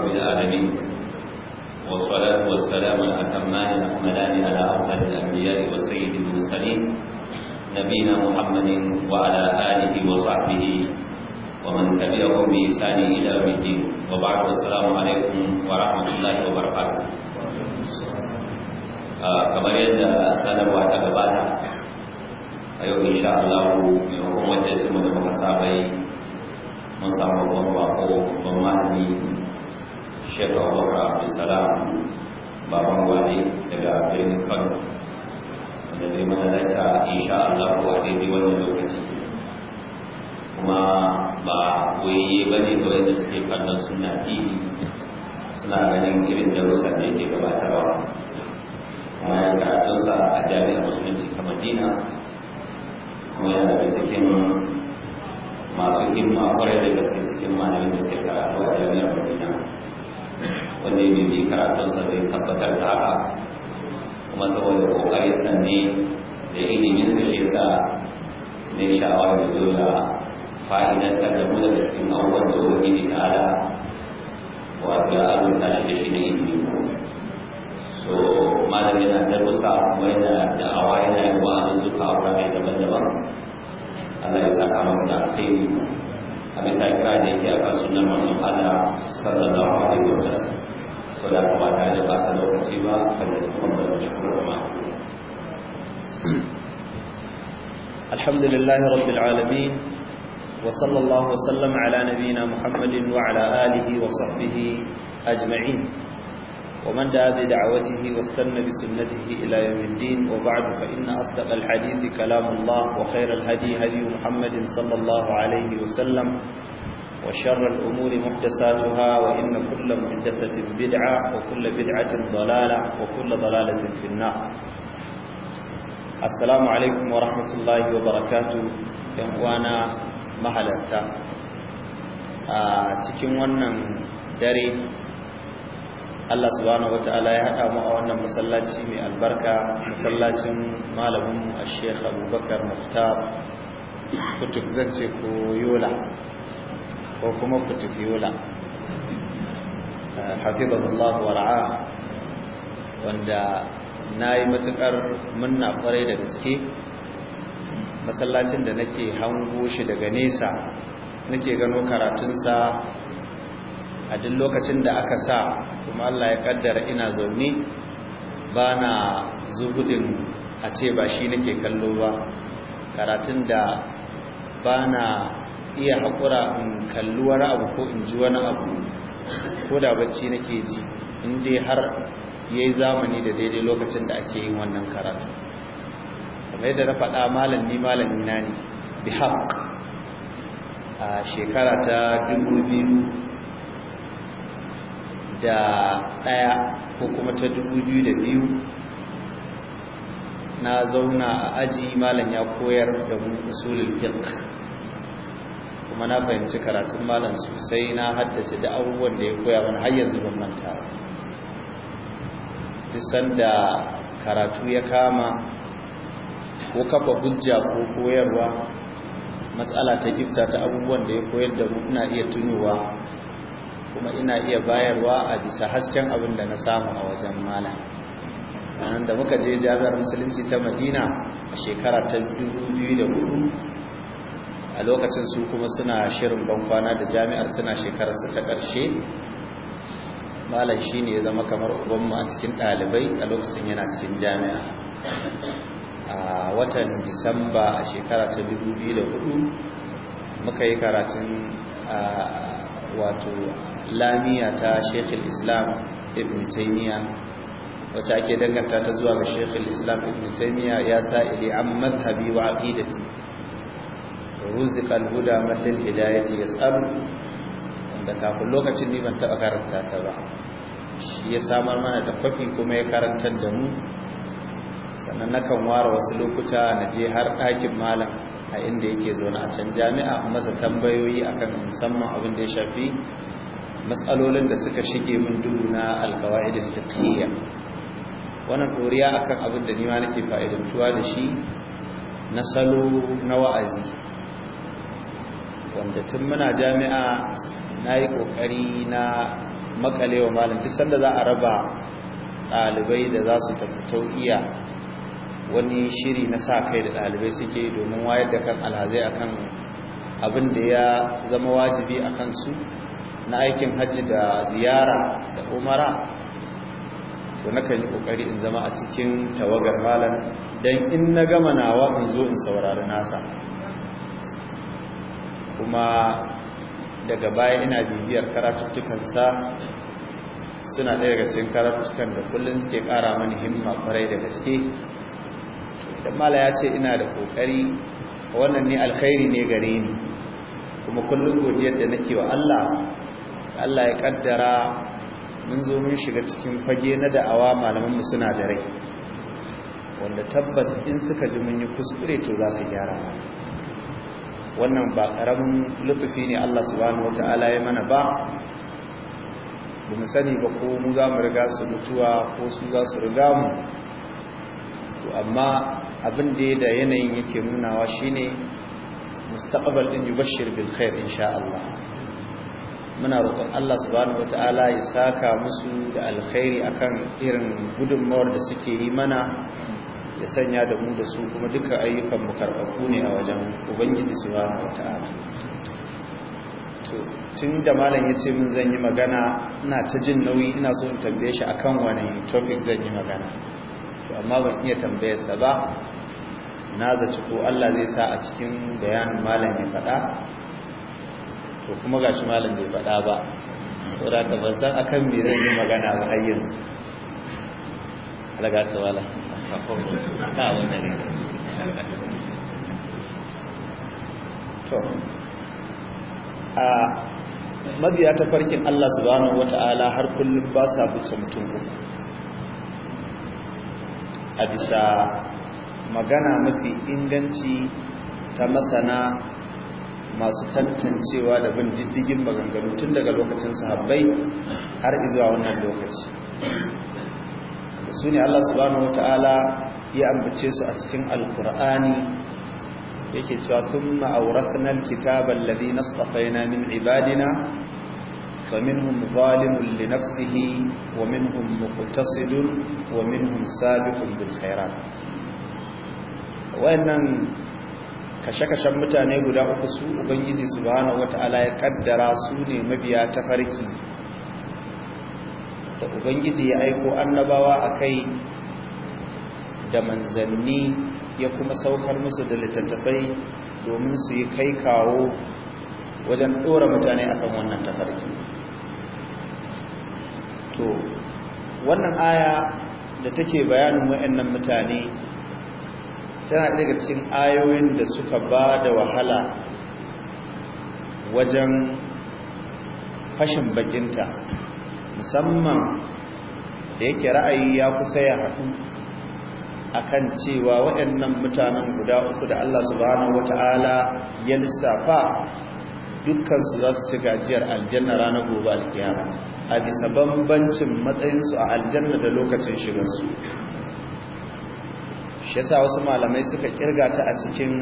رب العالمين والصلاة والسلام الأتمان الأكملان على أفضل الأنبياء وسيد المرسلين نبينا محمد وعلى آله وصحبه ومن تبعهم بإحسان إلى يوم الدين وبعد السلام عليكم ورحمة الله وبركاته kamar yadda sanarwa ta gabata a yau insha Allah maimakon wacce su da muka sabai mun samu babban bako babban malami Syekh Abdul abdulsalam baban wani daga birnin kano da zai mana lacca Allah ko a daidai wannan kuma ba koyayye ba ne da wanda suke kallon suna tv suna ganin irin darussan da yake gabatarwa kuma ya karatunsa a jami'ar musulunci kuma yana daga cikin masu himma kwarai da gaske cikin malamin da suke wanda ya bibi sa zai tabbatar da haka kuma saboda kokarin sa ne da ilimin sa shi yasa ne shawara da zo da ta da mu da cikin abubuwan da ubangiji ta ala wato ya azurta shi da shi na ilimin mu so malam yana darussa kuma yana da'awa yana yi wa azuzuka a wurare daban-daban Allah ya saka masa da asiri a bisa kira da yake a kan sunan manzon Allah sallallahu alaihi wasallam so da kuma ta da ba ta lokaci ba kada kuma da shukuru ma الحمد لله رب العالمين وصلى الله وسلم على نبينا محمد وعلى آله وصحبه أجمعين ومن دعا بدعوته واستنى بسنته إلى يوم الدين وبعد فإن أصدق الحديث كلام الله وخير الهدي هدي محمد صلى الله عليه وسلم وشر الأمور محدثاتها وإن كل محدثة بدعة وكل بدعة ضلالة وكل ضلالة في النار السلام عليكم ورحمة الله وبركاته يوانا مهلتا cikin wannan dare Allah subhanahu wataala ya haɗa mu a wannan masallaci mai albarka masallacin malamin shek Abubakar Muftar Kutuk zance ko ko kuma ku tafi eh, hafizahullah wa ra'a wanda nayi matukar munna kwarai da gaske masallacin da nake hango shi daga nesa nake gano karatunsa a duk lokacin da aka sa kuma Allah ya kaddara ina zaune ba na zugudin a ce ba shi nake kallo ba karatun da ba na iya haƙura in kalli wani abu ko in ji wani abu ko da bacci nake ji in dai har ya yi zamani da daidai lokacin da ake yin wannan karatu kamar yadda na faɗa malam ni malami na ne bi a shekara ta dubu biyu da ɗaya ko kuma ta dubu biyu da biyu na zauna a aji malam ya koyar da mu usulul kuma na fahimci karatun malam sosai na haddace da abubuwan da ya koya wani har yanzu ban manta ba duk sanda karatu ya kama ko kafa hujja ko koyarwa matsala ta gifta ta abubuwan da ya koyar da mu ina iya tunowa kuma ina iya bayarwa a bisa hasken abin da na samu a wajen malam sannan da muka je jami'ar musulunci ta madina a shekara ta 2004 a lokacin su kuma suna shirin bankwana da jami'ar suna shekararsa ta ƙarshe malam shi ne ya zama kamar ubanmu a cikin ɗalibai a lokacin yana cikin jami'a a watan disamba a shekara ta 2004 muka yi karatun wato lamiya ta shekul islam ibn taimiyya wacce ake danganta ta zuwa ga shekul islam ibn taimiyya ya sa ili an mazhabi wa aqidati ruzika alhuda madal hidayati yas'alu wanda kafin lokacin ni ban taba karanta ta ba shi ya samar mana da kwafi kuma ya karantar da mu sannan na kan ware wasu lokuta na je har ɗakin malam a inda yake zaune a can jami'a masa tambayoyi akan musamman abin da ya shafi matsalolin da suka shige min duhu na alkawaidin fiqhiyya wannan ɗoriya akan abin da ma nake fa'idantuwa da shi na salo na wa'azi wanda tun muna jami'a na yi ƙoƙari na makalewa malam duk sanda za a raba ɗalibai da za su tafi iya wani shiri na sa kai da ɗalibai suke domin wayar da kan alhazai akan abin da ya zama wajibi a kansu na aikin hajji da ziyara da umara to nakan yi kokari in zama a cikin tawagar malam don in na gama nawa in zo in saurari nasa kuma daga baya ina bibiyar karatuttukansa suna ɗaya daga cikin karatuttukan da kullum suke ƙara mani himma kwarai da gaske idan mala ya ce ina da ƙoƙari wannan ne alkhairi ne gare ni kuma kullum godiyar da nake wa Allah Allah ya kaddara mun zo mun shiga cikin fage na da'awa malaman mu suna da rai wanda tabbas in suka ji mun yi kuskure to za su gyara mana wannan ba karamin lutufi ne Allah subhanahu wata'ala ya mana ba ba sani ba ko mu za mu riga su mutuwa ko su za su riga mu to amma abin da da yanayin yake nunawa shine mustaqbal din yubashshir bil khair insha Allah muna roƙon Allah subhanahu wataala ya saka musu da alkhairi akan irin gudunmawar da suke yi mana ya sanya da mu da su kuma duka ayyukan mu ne a wajen ubangiji subhanahu wata'ala to tun da malam ya ce min zan yi magana ina ta jin nauyi ina so in tambaye shi akan wani topic zan yi magana to amma ban iya tambayarsa ba na zaci ko Allah zai sa a cikin bayanin malam ya faɗa to kuma gashi malam bai faɗa ba saboda ban san akan me zan yi magana ba har yanzu alaga a mabiya ta farkin Allah subhanahu wata'ala har kullum ba sa buce mutum uku a bisa magana mafi inganci ta masana masu tantancewa da bin diddigin maganganu tun daga lokacin sahabbai har izuwa wannan lokaci su ne Allah subhanahu wata'ala ya ambace su a cikin alkur'ani yake cewa ma'auratunan kitabar alkitaba na tsafaina min ibadina faminhum zalimun li nafsihi wa minhum muqtasidun wa minhum sabiqun bil khairat wayannan kashe-kashen mutane guda uku su ubangiji subhanahu wata'ala ya kaddara su ne mabiya farki. da ubangiji ya aiko annabawa a kai da manzanni ya kuma saukar musu da littattafai domin su yi kai kawo wajen ɗora mutane akan wannan tafarki to wannan aya da take bayanin wa'annan mutane tana daga cikin ayoyin da suka ba da wahala wajen fashin bakinta musamman da yake ra'ayi ya kusa ya haɗu akan cewa waɗannan mutanen guda uku da Allah subhanahu wata'ala ya lissafa dukkansu za su ci gajiyar aljanna ranar gobe alkiyama a bisa bambancin matsayinsu a aljanna da lokacin shigarsu shi yasa wasu malamai suka kirga ta a cikin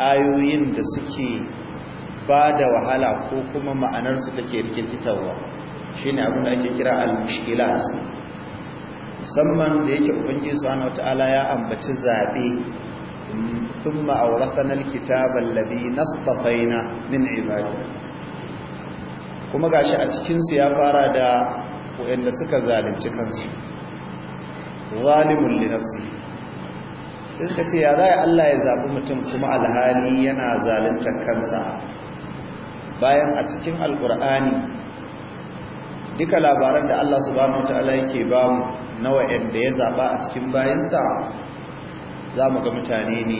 ayoyin da suke ba da wahala ko kuma ma'anarsu take rikirkitarwa ne abin da ake kira al-mushkilat musamman da yake ubangi subhanahu wataala ya ambaci zabe thumma awrathana al-kitaba alladhi nastafaina min ibadi kuma gashi a cikinsu ya fara da wayanda suka zalunci kansu zalimun li nafsi sai suka ce ya zai Allah ya zabi mutum kuma alhali yana zalunta kansa bayan a cikin alqur'ani duka labaran da Allah subhanahu wataala yake ba mu na wa'anda ya zaba a cikin bayansa za mu ga mutane ne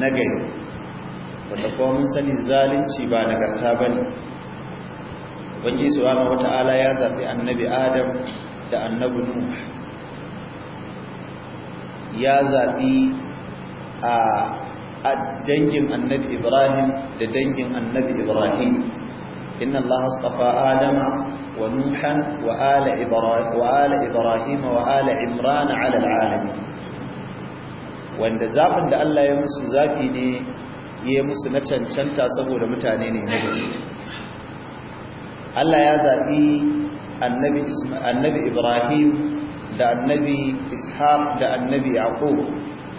na gari wanda kuma sani zalunci ba nagarta ba ne ubangiji subhanahu wataala ya zaɓi annabi adam da annabi nuh ya zaɓi a dangin annabi ibrahim da dangin annabi ibrahim inna allaha astafa adama ونوحا وآل إبراهيم وآل إبراهيم وآل wanda zaɓin da Allah ya musu zafi ne ya musu na cancanta saboda mutane ne na Allah ya zaɓi annabi Ibrahim da annabi Ishaq da annabi Yaqub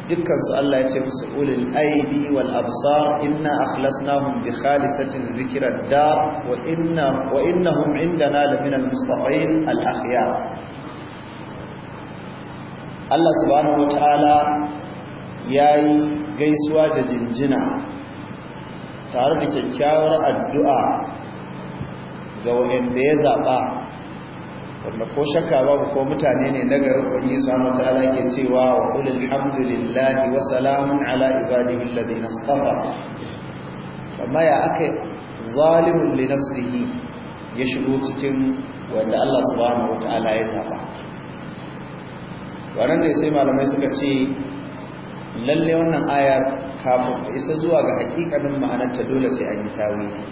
Dukkansu Allah ya ce musu ulul aidi wal absar inna akhlasnahum bi khalisatin zikirar dar wa inna wa innahum indana laminal mustaqin al akhyar Allah subhanahu wataala yayi gaisuwa da jinjina tare da kyakkyawar addu'a ga wanda ya zaba wanda ko shakka babu ko mutane ne na garin ubangi subhanahu ta'ala ke cewa wa qul hamdulillahi wa salamun ala ibadihi na istafa amma ya akai zalimin li ya shigo cikin wanda Allah subhanahu ta'ala ya zaba wannan ya sai malamai suka ce lalle wannan ayar kafin isa zuwa ga hakikanin ma'anarta dole sai an yi tawili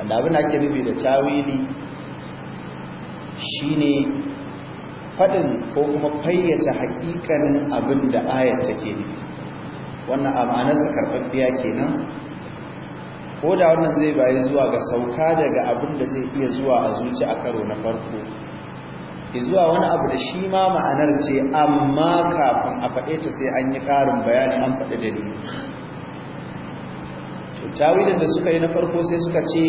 wanda abin ake nufi da tawili Shi ne faɗin ko kuma fayyace haƙiƙanin abin da ayar take ne wannan amanarsa karɓaɓɓiya kenan ko da wannan zai bayi zuwa ga sauka daga abin da zai iya zuwa a zuci a karo na farko zuwa wani abu da shi ma ma'anar ce amma kafin a faɗe ta sai an yi ƙarin bayani an faɗi da ni. tawilin da suka yi na farko sai suka ce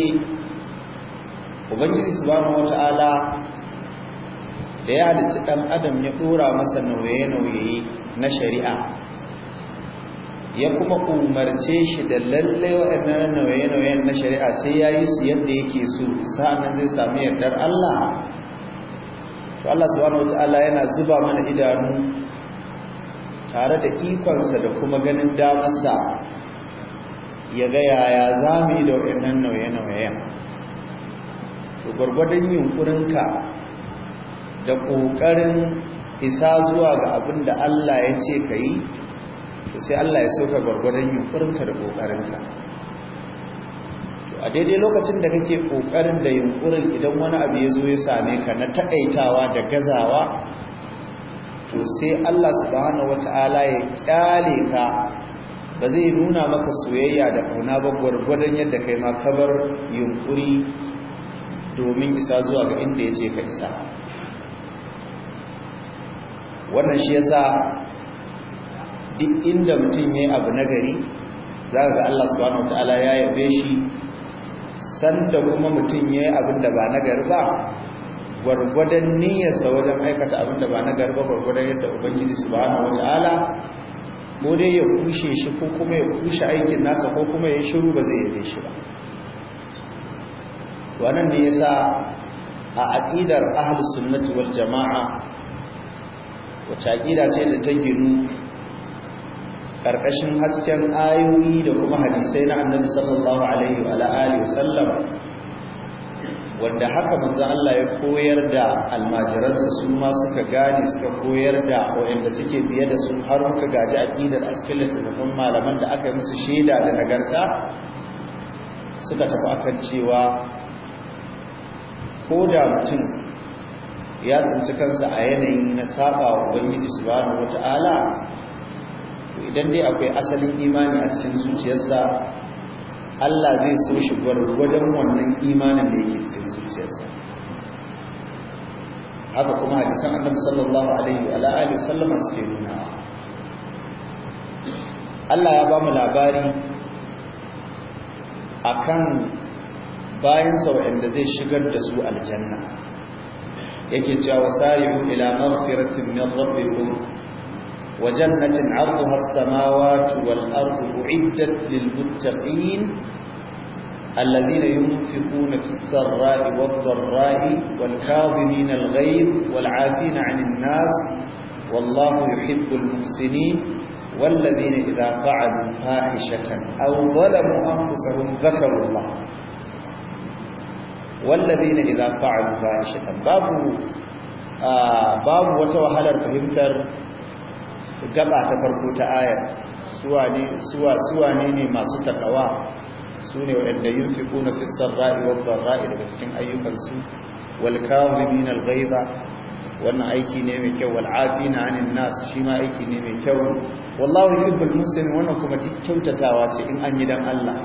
ubangiji wata Ala. da ya halicci ɗan adam ya ɗora masa nauye-nauye na shari'a ya kuma umarce shi da lalle waɗannan nauye-nauyen na shari'a sai ya yi su yadda yake su sa'annan zai sami yardar Allah to Allah subhanahu wata'ala yana zuba mana idanu tare da ikonsa da kuma ganin damarsa ya ga yaya za mu yi da waɗannan nauye-nauyen to gwargwadon yunkurinka da ƙoƙarin isa zuwa ga abin da Allah ya ce ka yi sai Allah ya sauka gwargwadon yunkurinka da ƙoƙarinka a daidai lokacin da kake ƙoƙarin da yunkurin idan wani abu ya zo ya same ka na taƙaitawa da gazawa to sai Allah wata Ala ya ƙyale ka ba zai nuna maka soyayya da ƙauna ba gwargwadon yadda kai ma kabar yunkuri domin isa zuwa ga inda ya ce ka isa wannan shi yasa duk inda mutum yayi abu nagari zaka ga Allah subhanahu wataala ya yabe shi sanda kuma mutum yayi abin da ba nagari ba gwargwadon niyyarsa wajen aikata abin da ba nagari ba gwargwadon yadda ubangiji subhanahu wataala ko dai ya kushe shi ko kuma ya kushe aikin nasa ko kuma ya shiru ba zai yabe shi ba wannan ne yasa a aqidar ahlus sunnati wal jama'a wacce aƙida ce da ta ginu ƙarƙashin hasken ayoyi da kuma hadisai na annabi sallallahu alaihi wa alihi sallam wanda haka manzo Allah ya koyar da almajiransa su ma suka gane suka koyar da waɗanda suke biye da su har muka gaji aqidar askil littafin malaman da aka yi musu shaida da nagarta suka tafi akan cewa ko da mutum ya tsinci kansa a yanayi na saba wa ubangiji subhanahu wata'ala idan dai akwai asalin imani a cikin zuciyarsa Allah zai so shi gwargwadon wannan imanin da yake cikin zuciyarsa haka kuma hadisan annabi sallallahu alaihi wa alihi sallama suke nuna Allah ya ba mu labari akan bayansa waɗanda zai shigar da su aljanna yake cewa wasari'u ila maghfiratin min rabbikum wa jannatin 'arduha as-samawati wal الذين ينفقون في السراء والضراء والكاظمين الغيظ والعافين عن الناس والله يحب المحسنين والذين إذا فعلوا فاحشة أو ظلموا أنفسهم ذكروا الله wallazina idza fa'alu a babu babu wata wahalar fahimtar gaba ta farko ta ayar suwa ne masu suwa Su ne masu takawa sune kuna yunfiquna ra'i sarra'i ra'i daga cikin ayyukansu wal kaazimina al ghaiza wannan aiki ne mai kyau na anin nasu shi ma aiki ne mai kyau wallahu yuhibbul muslimin wannan kuma duk kyautatawa ce in an yi dan Allah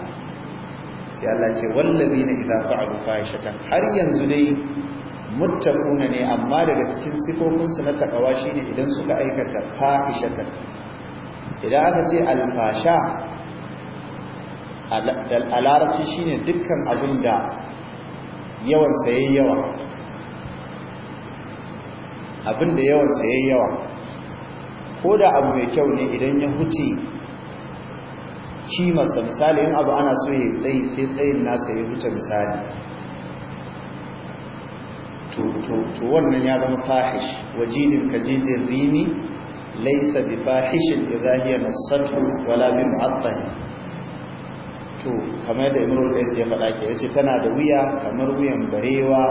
sai Allah ce wallazina idza fa'alu fahishatan har yanzu dai muttaquna ne amma daga cikin sifofin su na takawa shine idan suka aikata fahishatan idan aka ce fasha al larabci shine dukkan abin da yawan yayi yawa abin da yawan yayi yawa ko da abu mai kyau ne idan ya huce masa misali in abu ana so ya tsayi sai tsayin nasa ya wuce misali to wannan ya zama fahish wajidin kajidin rimi laisa bi fahishin idza hiya wala bi mu'attal to kamar da Imrul Qais ya faɗa ke yace tana da wuya kamar wuyan barewa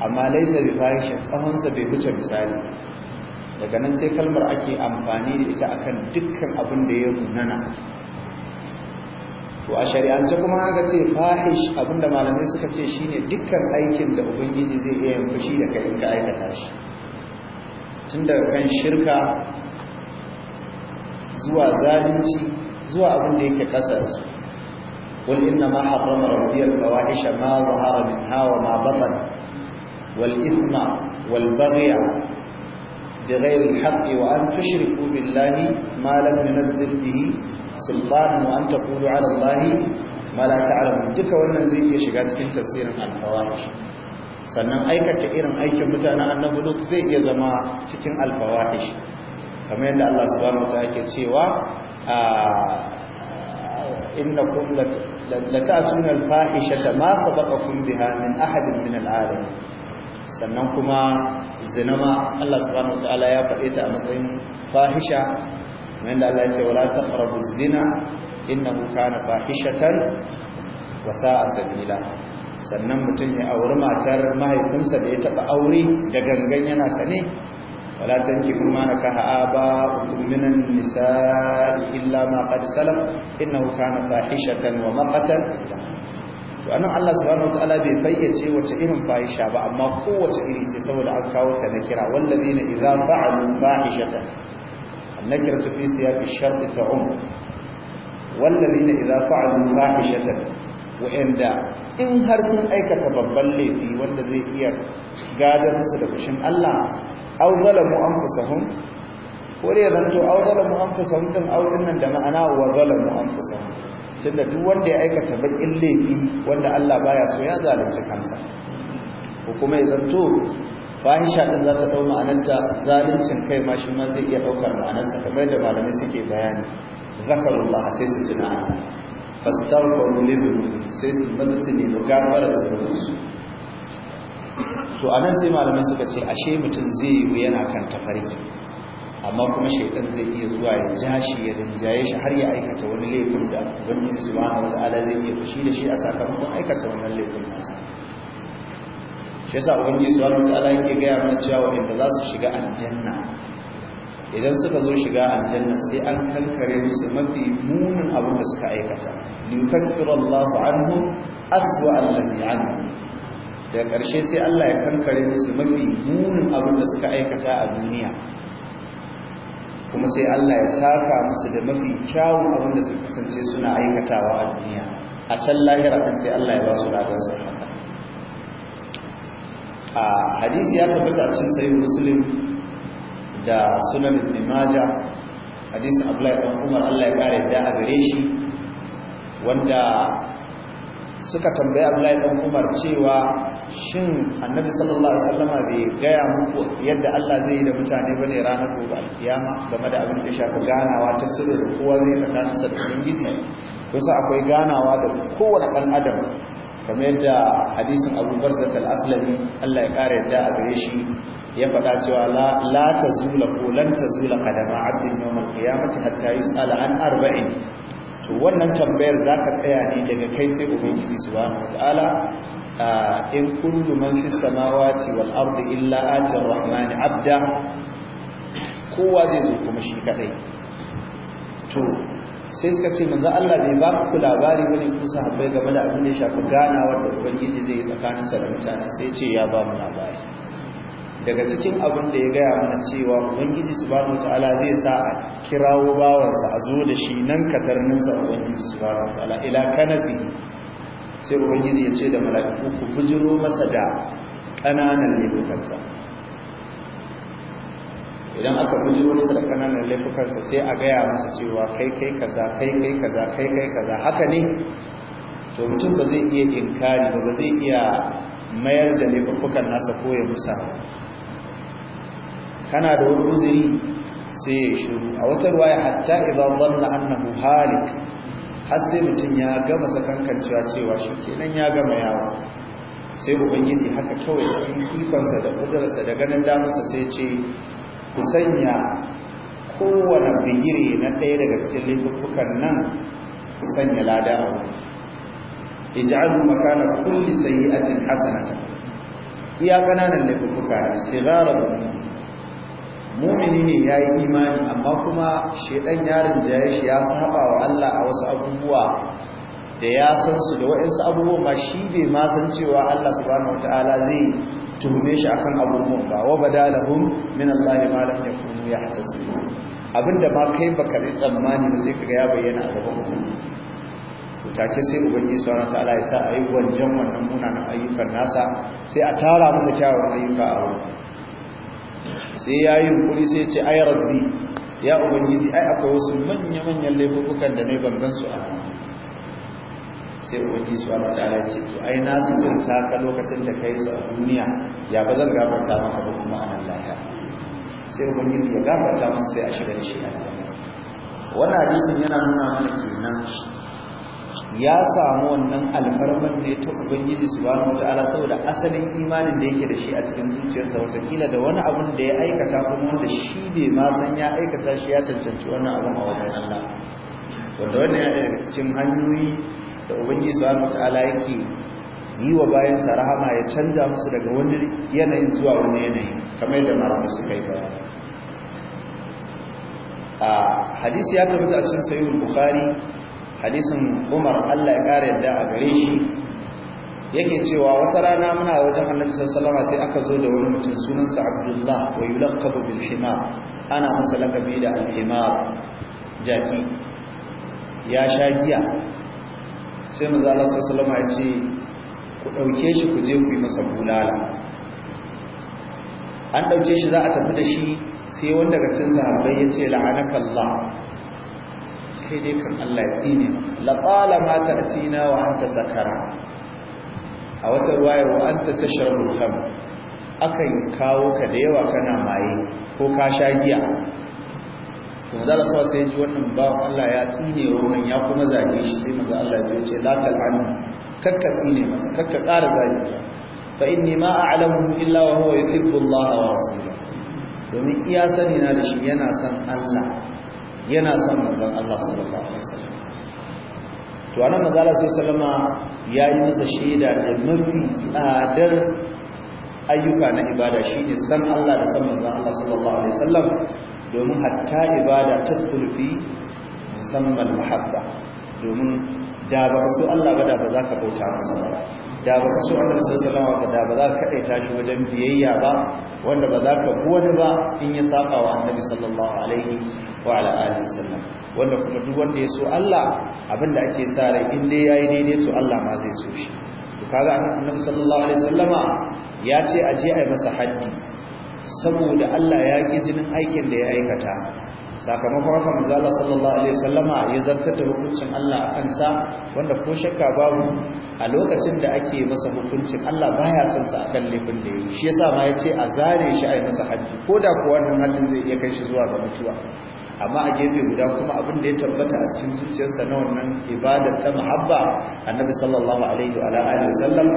amma laisa bi fahishin tsahon sa bai wuce misali daga nan sai kalmar ake amfani da ita akan dukkan abin da ya nuna to a shari'ance kuma aka ce fahish abinda malamai suka ce shine dukkan aikin da ubangiji zai iya yin fushi da kai in ka aikata shi tun daga kan shirka zuwa zalunci zuwa abin da yake kasa su qul inna ma harrama rabbi al-fawahisha ma zahara minha wa ma batan wal ithma wal baghy بغير الحق وأن تشركوا بالله ما لم ينزل به سلطان وأن تقولوا على الله ما لا تعلمون duka wannan zai iya shiga cikin tafsirin al sannan aikata irin aikin mutanen annabi duk zai iya zama cikin al kamar yadda Allah subhanahu wataala yake cewa a innakum latatun al-fahishata ma sabaqakum biha min ahadin min al sannan kuma zinama Allah subhanahu wataala ya faɗe ta a matsayin fahisha kamar da Allah ya ce wala taqrabu zina innahu kana fahishatan wa sa'a sabila sannan mutum ya auri matar mahaifinsa da ya taba aure da gangan yana sane wala tankihu ma nakaha aba minan nisa'i illa ma qad salaf innahu kana fahishatan wa maqatan to anan Allah subhanahu wataala bai fayyace wace irin fahisha ba amma kowace iri ce saboda an kawo ta na kira wallazina idza fa'alu fahishatan annakiratu fi siyaqi sharti ta'um wallazina idza fa'alu fahishatan wa'anda in har sun aikata babban laifi wanda zai iya gadar musu da kushin Allah aw zalamu anfusahum ko dai zanto aw zalamu anfusahum din aw nan da ma'ana wa zalamu anfusahum tunda duk wanda ya aikata bakin laifi wanda Allah baya so ya zalunci kansa ko kuma ya zanto fahisha din za ta dau ma'anarta zaluncin kai ma shi ma zai iya daukar ma'anarsa kamar da malamai suke bayani zakarullah sai su tuna fastaghfiru li dhunubi sai su bada su ne gafara su to anan sai malamai suka ce ashe mutum zai yi yana kan tafarki amma kuma shaitan zai iya zuwa ya ja shi ya rinjaye shi har ya aikata wani laifin da ubangiji subhanahu wata'ala zai iya fushi da shi a sakamakon aikata wannan laifin nasa shi yasa ubangiji subhanahu wata'ala yake gaya mana cewa wanda za su shiga aljanna idan suka zo shiga aljanna sai an kankare musu mafi munin abin da suka aikata liyukaffirallahu anhu aswa alladhi anhu da ƙarshe sai Allah ya kankare musu mafi munin abin da suka aikata a duniya kuma sai Allah ya saka musu da mafi kyawun abin da su kasance suna aikatawa a duniya a can lahira kan sai Allah ya ba su ladan su haka a hadisi ya tabbata a cikin sahih muslim da sunan ibn majah Abdullahi dan Umar Allah ya kare da a gare shi wanda suka tambayi Abdullahi dan Umar cewa shin Annabi sallallahu alaihi wasallama bai gaya muku yadda Allah zai yi da mutane bane ranar gobe alkiyama game da abin da ya shafi ganawa ta sirri da kowa zai tsakanin sa da Ubangiji kusa akwai ganawa da kowane ɗan adam kamar yadda hadisin Abu Barzat al-Aslami Allah ya kare yadda a gare shi ya faɗa cewa la tazula ko lan tazula qadama abdin yawm al ta hatta yus'ala an arba'in wannan tambayar za ka tsaya ne daga kai sai ubangiji subhanahu wataala in kullu man fi samawati wal ardi illa ati rahman abda kowa zai zo kuma shi kadai to sai suka ce manzo Allah bai ba ku labari wani ku sahabbai game da abin da ya shafi ganawar da ubangiji zai yi tsakaninsa da mutane sai ce ya ba mu labari daga cikin abin da ya gaya mana cewa ubangiji subhanahu wataala zai sa a kirawo bawansa a zo da shi nan katarninsa ubangiji subhanahu wataala ila kanafi sai ubangiji ya ce da mala'iku ku bujiro masa da ƙananan laifukansa idan aka bujiro masa da ƙananan laifukansa sai a gaya masa cewa kai kai kaza kai kai kaza kai kai kaza haka ne to mutum ba zai iya inkari ba ba zai iya mayar da laifukan nasa ko ya musa kana da wani uzuri sai ya shiru a wata ruwaya hatta idan wanda annahu halik har sai mutum ya gama sakankancewa cewa shi kenan ya gama yawo sai ubangiji haka kawai cikin ikonsa da kudurarsa da ganin damarsa sai ce ku sanya kowane bigire na ɗaya daga cikin laifukan nan ku sanya lada a wuri ij'alu makana kulli sayyi'atin hasanatan iya kananan laifuka sai sigara da mumini ne ya yi imani amma kuma shaidan yarin jaye shi ya saba wa Allah a wasu abubuwa da ya san su da waɗansu abubuwa ma shi bai ma san cewa Allah subhanahu wataala zai tuhume shi akan abubuwan ba wa badalahum min Allah ma lam yakunu yahtasibu abinda ba kai baka da tsammani ba sai kaga ya bayyana a gaban ku take sai ubangiji subhanahu wataala ya sa ayyukan jan wannan munanan ayyukan nasa sai a tara masa kyawawan ayyuka a wurin sai ya yi hukuri sai ce ai rabbi ya ubangiji ai akwai wasu manya-manyan laifukan da na ban su a sai ubangiji su ala ta'ala ce to ai na sitirta ka lokacin da ka yi su a duniya ya ba zan gafarta maka ba kuma a nan lafiya sai ubangiji ya gabata musu sai a shiga da shi a jami'a wannan hadisin yana nuna mana kenan ya samu wannan alfarman ne ta ubangiji subhanahu wataala saboda asalin imanin da yake da shi a cikin zuciyarsa kila da wani abun da ya aikata kuma wanda shi bai ma san ya aikata shi ya cancanci wannan abun a wajen Allah wanda wannan ya daga cikin hanyoyi da ubangiji subhanahu wataala yake yi wa bayan sa rahama ya canja musu daga wani yanayin zuwa wani yanayi kamar yadda malamai su kai ba a hadisi ya tabbata a cikin sahih bukhari hadisin Umar Allah ya kara yadda a gare shi yake cewa wata rana muna wajen Annabi sallallahu alaihi sai aka zo da wani mutum sunansa Abdullah wa yulaqabu bil himar ana masa lakabi da al himar jaki ya sha giya sai manzo Allah sallallahu alaihi ya ce ku dauke shi ku je ku yi masa bulala an dauke shi za a tafi da shi sai wanda daga cikin sahabbai ya ce la'anaka Allah kai dai kan Allah ya tsine laqala ma ta'tina wa anta sakara a wata ruwaya wa anta tashrabul kham akan kawo ka da yawa kana maye ko ka sha giya to manzo Allah sai ji wannan ba Allah ya tsine wannan ya kuma zage shi sai manzo Allah ya ce la tal'an kakka tsine masa kakka ƙara zage shi fa inni ma a'lamu illa wa huwa yuhibbu Allah wa rasuluhu domin iya sani na da shi yana son Allah yana son manzon Allah sallallahu alaihi wasallam to anan manzo Allah sallallahu alaihi ya yi masa shaida da mafi tsadar ayyuka na ibada shine san Allah da san manzon Allah sallallahu alaihi wasallam domin hatta ibada ta kulfi musamman muhabba domin da ba su Allah ba da ba za ka bauta masa ba da ba so Allah sallallahu ba da ba za ka ɗaita shi wajen biyayya ba wanda ba za ka kowane wani ba in ya saƙa wa Annabi sallallahu alaihi wa ala sallam wanda kuma duk wanda ya so Allah abinda ake sa rai in dai yi daidai to Allah ma zai so shi to kaga Annabi sallallahu alaihi sallama ya ce a yi masa haddi saboda Allah ya ki jinin aikin da ya aikata sakamakon haka manzo sallallahu alaihi wasallama ya zartar da hukuncin Allah a kansa wanda ko shakka babu a lokacin da ake masa hukuncin Allah baya son sa akan lebin da yake shi yasa ma yace a zare shi a yi masa ko koda kuwa wannan hajjin zai iya kai shi zuwa ga mutuwa amma a gefe guda kuma abin da ya tabbata a cikin zuciyarsa na wannan ibada ta muhabba annabi sallallahu alaihi wa alihi wasallam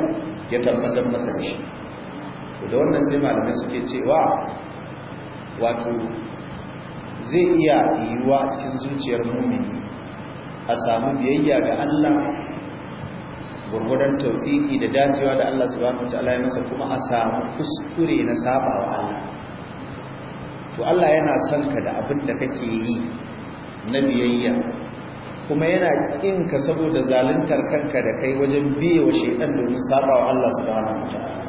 ya tabbatar masa da shi da wannan sai malamai suke cewa wato zai iya yiwuwa a cikin zuciyar mumini a samu biyayya ga Allah gurgudan taufiki da dacewa da Allah subhanahu wataala ya masa kuma a samu kuskure na sabawa Allah to Allah yana son ka da abin da kake yi na biyayya kuma yana kin ka saboda zaluntar kanka da kai wajen wa shedan domin sabawa Allah subhanahu wataala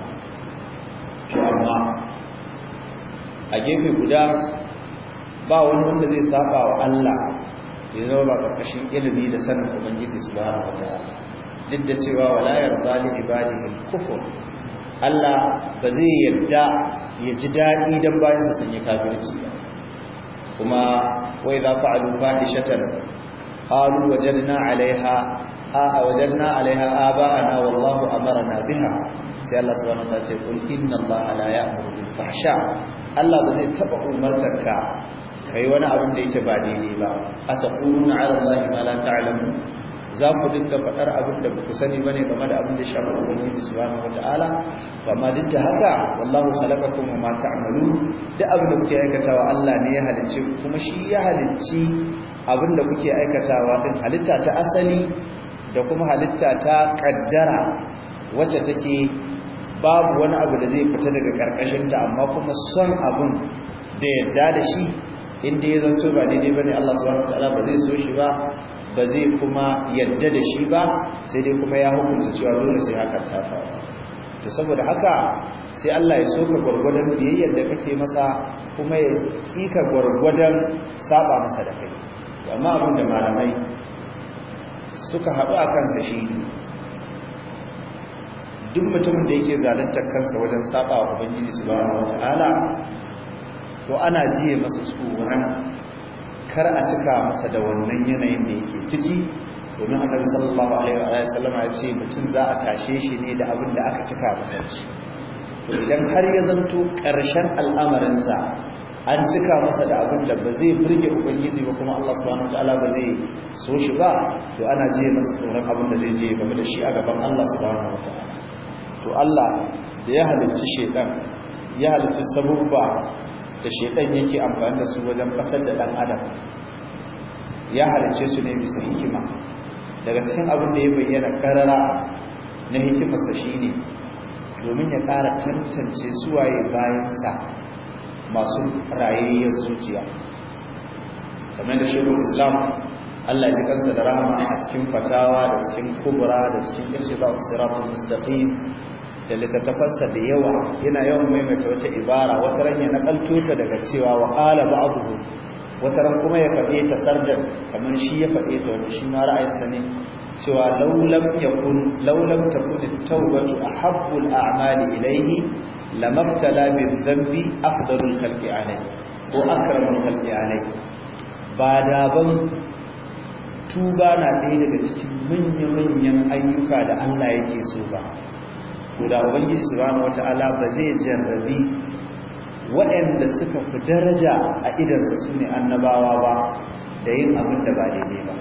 to amma a gefe guda ba wani wanda zai saba wa Allah ya zama ba karkashin ilimi da sanin ubangiji subhanahu wataala duk da cewa wala yarda li ibadihi kufur Allah ba zai yarda ya ji daɗi don bayansa sun yi kafirci ba kuma wai za fa'alu fahishatan qalu wajadna 'alayha a wajadna 'alayha aba'ana wallahu amarna biha sai Allah subhanahu wa ta'ala ce qul inna Allah la ya'muru bil fahsha Allah ba zai taba ka. kai wani abin da yake ba daidai ba a ala allahi ma la alamu. za ku dinga faɗar abin da ku sani bane game da abin da shafi ubangiji subhanahu wataala Ba amma duk da haka wallahu khalaqakum wa ma ta'malun duk abin da kuke aikatawa Allah ne ya halicce kuma shi ya halicci abin da kuke aikatawa din halitta ta asali da kuma halitta ta kaddara wacce take babu wani abu da zai fita daga karkashinta amma kuma son abin da yadda da shi inda ya zanto ba daidai bane Allah subhanahu ta'ala ba zai so shi ba ba zai kuma yadda da shi ba sai dai kuma ya hukunta cewa dole sai hakan ta faru to saboda haka sai Allah ya soka gwargwadon biyayyar da kake masa kuma ya kika gwargwadon saba masa da kai amma abin da malamai suka haɗu a kansa shi duk mutumin da yake zaluntar kansa wajen saba wa ubangiji subhanahu ta'ala to ana jiye masa tsoron kar a cika masa da wannan yanayin da yake ciki domin annabi sallallahu alaihi wa sallama ya ce mutum za a tashe shi ne da abin da aka cika masa shi to idan har ya zanto ƙarshen al'amarinsa an cika masa da abin da ba zai burge ubangiji ba kuma Allah subhanahu ta'ala ba zai so shi ba to ana jiye masa tsoron abin da zai je game da shi a gaban Allah subhanahu ta'ala. to Allah da ya halicci shaitan ya halicci sabubba da shaitan yake amfani da su wajen fatar da dan adam ya halarce su ne bisa hikima daga cikin abin da ya bayyana karara na hikimarsa shi ne domin ya ƙara tantance suwaye bayansa masu rayayyar zuciya kamar da shekul islam allah ji kansa da rahama a cikin fatawa da cikin Kubra da cikin irshida sirat mustaqim da littattafansa da yawa yana yawan maimaita wata ibara wata ran ya nakalto ta daga cewa wa qala ba'dhu wata ran kuma ya faɗe ta sarjan kamar shi ya faɗe ta wani shi ma ra'ayinsa ne cewa laulam yakun laulam takun at-tawbatu ahabbu al-a'mali ilayhi lamabtala bi-dhanbi al khalqi alayhi ko al khalqi alayhi ba daban tuba na ɗaya daga cikin manya-manyan ayyuka da Allah yake so ba to da ubangiji subhanahu wata'ala ba zai jarrabi waɗanda suka fi daraja a idansa su ne annabawa ba da yin abin da ba daidai ba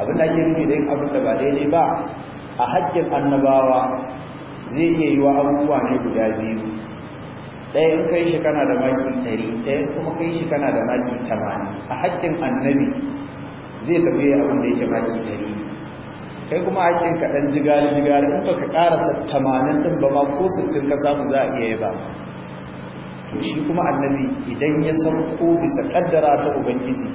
abin da ake nufi da yin abin da ba daidai ba a haƙƙin annabawa zai iya yi wa abubuwa ne guda biyu ɗaya in kai shi kana da maki ɗari ɗaya kuma kai shi kana da maki tamanin a haƙƙin annabi zai tafi abin da yake maki ɗari kai kuma aikin ka ɗan jigari jigari in ba ka ƙarasa tamanin ɗin ba ma ko sittin ka samu za a iya yi ba to shi kuma annabi idan ya san ko bisa ƙaddara ta ubangiji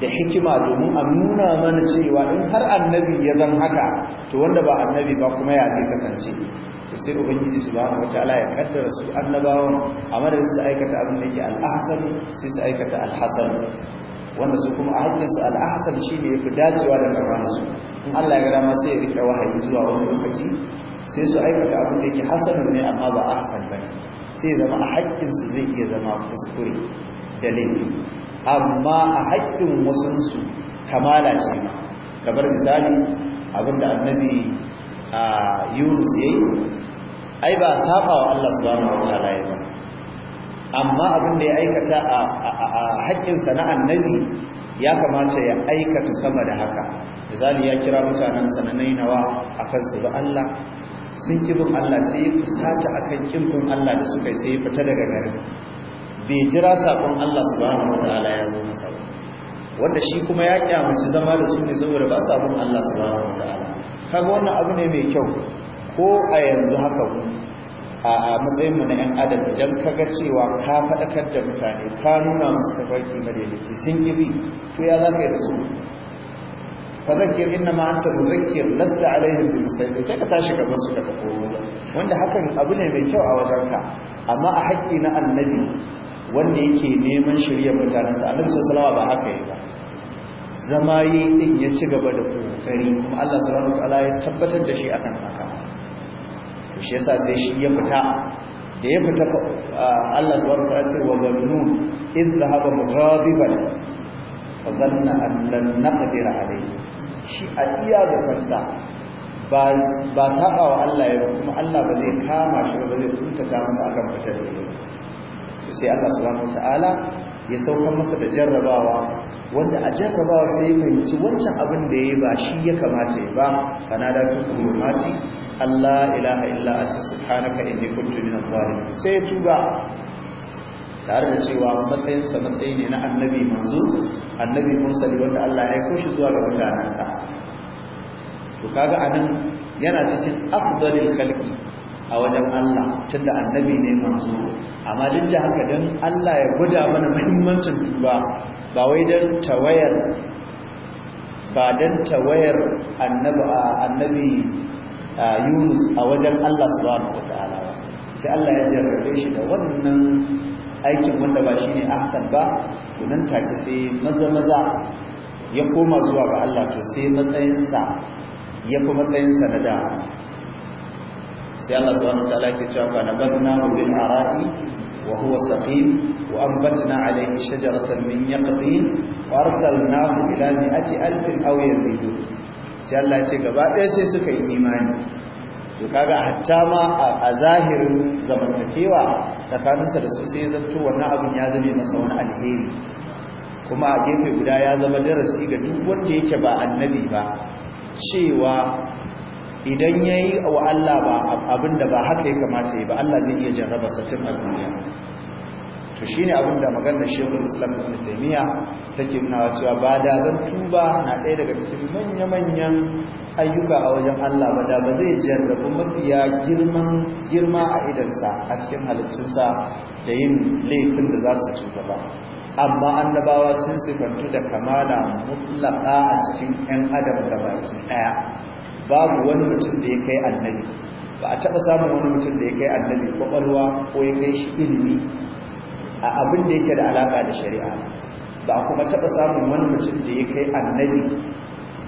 da hikima domin a nuna mana cewa in har annabi ya zan haka to wanda ba annabi ba kuma ya zai kasance to sai ubangiji subhanahu wataala ya kaddara su annabawan a madadin su aikata abin da yake Alhassan, sai su aikata alhasan wanda su kuma hakkin su shi shine fi dacewa da karbar su in Allah ya ga ma sai ya rike wahayi zuwa wani lokaci sai su aikata abin da yake hasanun ne amma ba a ahsan ba sai ya zama a hakkin su zai iya zama kuskure da laifi amma a haƙƙin wasu su kamala ce kamar misali abin da annabi a Yunus yi. ai ba saba wa Allah subhanahu wa ta'ala ba amma abin da ya aikata a haƙƙin na nabi ya kamata ya aikata sama da haka misali ya kira mutanen sananai nawa akan su bi Allah sun kibin Allah sai ya fusata akan kibin Allah da suka sai ya fita daga garin bai jira sakon Allah subhanahu wataala ya zo masa ba wanda shi kuma ya kyamaci zama da su ne saboda ba sabon Allah subhanahu wataala kaga wannan abu ne mai kyau ko a yanzu haka a mu na 'yan adam idan ka ga cewa ka faɗakar da mutane ka nuna masu tafarki madaidaici sun yi bi to ya za ka yi da su na inna ma anta muzakkir lasta alaihim bi musaitir sai ka tashi gaban su daga koro wanda hakan abu ne mai kyau a wajen ka amma a haƙƙi na annabi wanda yake neman shirya mutanensa annabi sallallahu alaihi ba haka yi ba zama yi din ya ci gaba da kokari kuma Allah subhanahu wa ya tabbatar da shi akan haka shi yasa sai shi ya fita da ya fita Allah subhanahu wa ta'ala ce wa zannun idh zahaba mughadiban fa dhanna an lan naqdir alayhi shi a iya da kansa ba ba saba wa Allah ya kuma Allah ba zai kama shi ba zai tuntata masa akan fitar da shi sai Allah subhanahu wa ta'ala ya saukar masa da jarrabawa wanda a jarrabawa sai ya fahimci wancan abin da ya yi ba shi ya kamata ya ba kana da su mati Allah ilaha illa anta subhanaka inni kuntu minadh dhalimin sai tuba tare da cewa matsayinsa matsayi ne na annabi manzo annabi mursali wanda Allah ya aiko shi zuwa ga mutanansa to kaga anan yana cikin afdalil khalqi a wajen Allah tunda annabi ne manzo amma duk da haka dan Allah ya gwada mana muhimmancin duba ba wai dan tawayar ba dan tawayar annabi Yunus a wajen Allah ala ba sai Allah ya jarrabe shi da wannan aikin wanda ba shi shine ahsan ba kunan take sai maza maza ya koma zuwa ga Allah to sai matsayinsa ya fi matsayinsa na da sai Allah subhanahu wataala ke cewa ba na barna bil ara'i وهو سقيم وأنبتنا عليه شجرة من يقطين وأرسلناه إلى مئة ألف sai Allah ce gaba ɗaya sai suka yi imani to kaga hatta ma a zahirin zamantakewa tsakaninsa da su sai zanto wannan abin ya zame masa wani alheri kuma a gefe guda ya zama darasi ga duk wanda yake ba annabi ba cewa idan yayi wa Allah ba abin da ba haka ya kamata ya ba Allah zai iya jarraba satin a duniya to shine abin da maganar shekul islam da ibn ta ke nuna cewa ba da zan tuba na ɗaya daga cikin manya-manyan ayyuka a wajen Allah ba da ba zai jarrabu mafiya girman girma a idansa a cikin halittunsa da yin laifin da za su cuta ba amma annabawa sun sifantu da kamala mutlaka a cikin 'yan adam da baki ɗaya babu wani mutum da ya kai annabi ba a taɓa samun wani mutum da ya kai annabi kwakwalwa ko ya kai shi ilimi a abin da yake da alaka da shari'a ba kuma taɓa samun wani mutum da ya kai annabi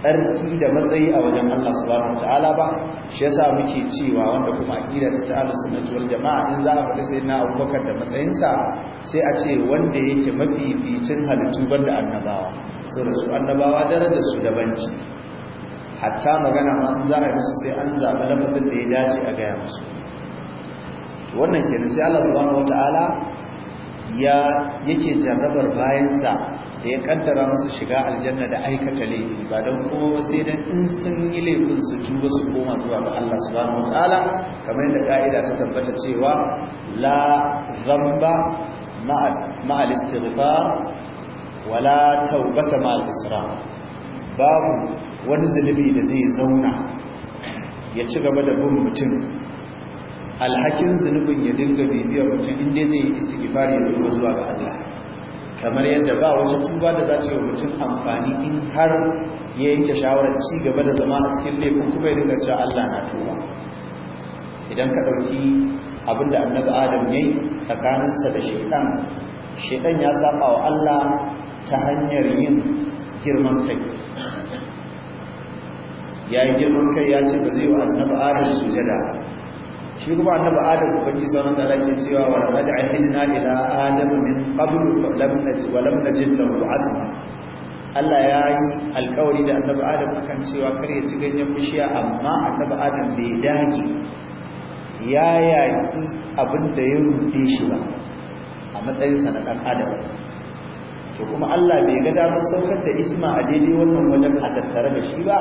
tsarki da matsayi a wajen Allah subhanahu wataala ba shi yasa muke cewa wanda kuma aqida ta ahlus sunnati wal jamaa in za a faɗi sai na Abubakar da matsayinsa sai a ce wanda yake mafificin halittu banda annabawa da su annabawa darajar su dabanci hatta magana ma an sai an zaɓi lafazin da ya dace a gaya musu wannan kenan sai Allah subhanahu wataala ya yake jarrabar bayansa da ya kaddara masu shiga aljanna da aikata laifi ba don kowa sai dan in sun yi laifin su tuba su koma zuwa ga Allah subhanahu wataala kamar yadda ka'ida ta tabbata cewa la zamba ma al-istighfar la taubata ma al babu wani zunubi da zai zauna ya ci gaba da bin mutum alhakin zunubin ya dinga bibiyar mutum inda zai yi istighfar ya duba zuwa ga Allah kamar yadda ba wata tuba da za ta yi mutum amfani in har ya yanke shawarar ci gaba da zama a cikin laifin kuma ya dinga cewa Allah na tuba idan ka ɗauki abin da annabi adam ya yi tsakaninsa da shaitan shaitan ya saba wa Allah ta hanyar yin girman kai ya yi girman kai ya ce ba zai wa annabi adam sujada ba shi kuma annabi adam ubangi sauran da cewa wa laqad ahinna ila adam min qabl fa lam naj wa lam najid lahu azma Allah ya yi alkawari da annabi adam kan cewa kar ya ci ganyen bishiya amma annabi adam bai dage ya yaki abin da ya rufe shi ba a matsayin sanadan ɗan adam to kuma Allah bai ga damar saukar da isma a daidai wannan wajen a tattare da shi ba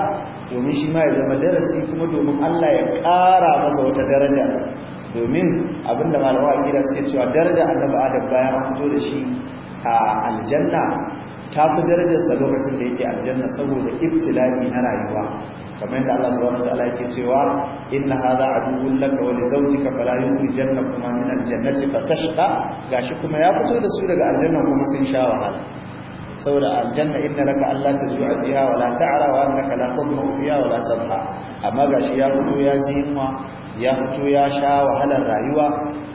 domin shi ma ya zama darasi kuma domin Allah ya ƙara masa wata daraja domin abinda a gida suke cewa daraja annabi adam bayan an fito da shi a aljanna ta fi darajarsa lokacin da yake aljanna saboda ibtila'i na rayuwa kamar yadda Allah subhanahu wataala yake cewa inna hadha aduwwun laka wa li zawjika fala yukhrijannakuma min al-jannati fatashqa gashi kuma ya fito da su daga aljanna kuma sun sha wahala saboda aljanna inna laka alla tajua fiha wa la ta'ra wa annaka la tadmu fiha wa la tadha amma gashi ya fito ya ji yunwa ya fito ya sha wahalar rayuwa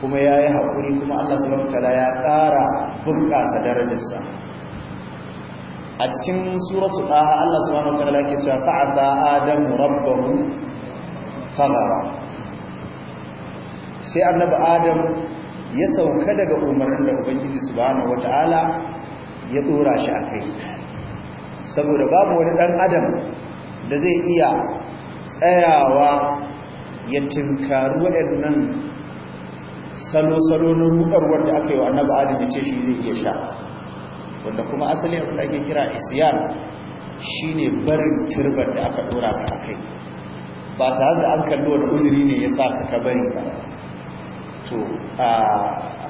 kuma ya yi haƙuri kuma Allah subhanahu wataala ya ƙara bunƙasa darajarsa a cikin suratu taha Allah subhanahu wa ta'ala yake cewa adamu rabbahu fagara sai annabi adam ya sauka daga umarnin da ubangiji subhanahu wa ta'ala ya dora shi akai saboda babu wani dan adam da zai iya tsayawa ya tinkaru waɗannan salo-salo na rudar wanda aka yi wa annabi adam ya ce shi zai iya sha wanda kuma asali abin da ake kira shi shine barin turbar da aka dora ka kai, ba tare da an kalli wani uzuri ne ya sa ka bari ba to a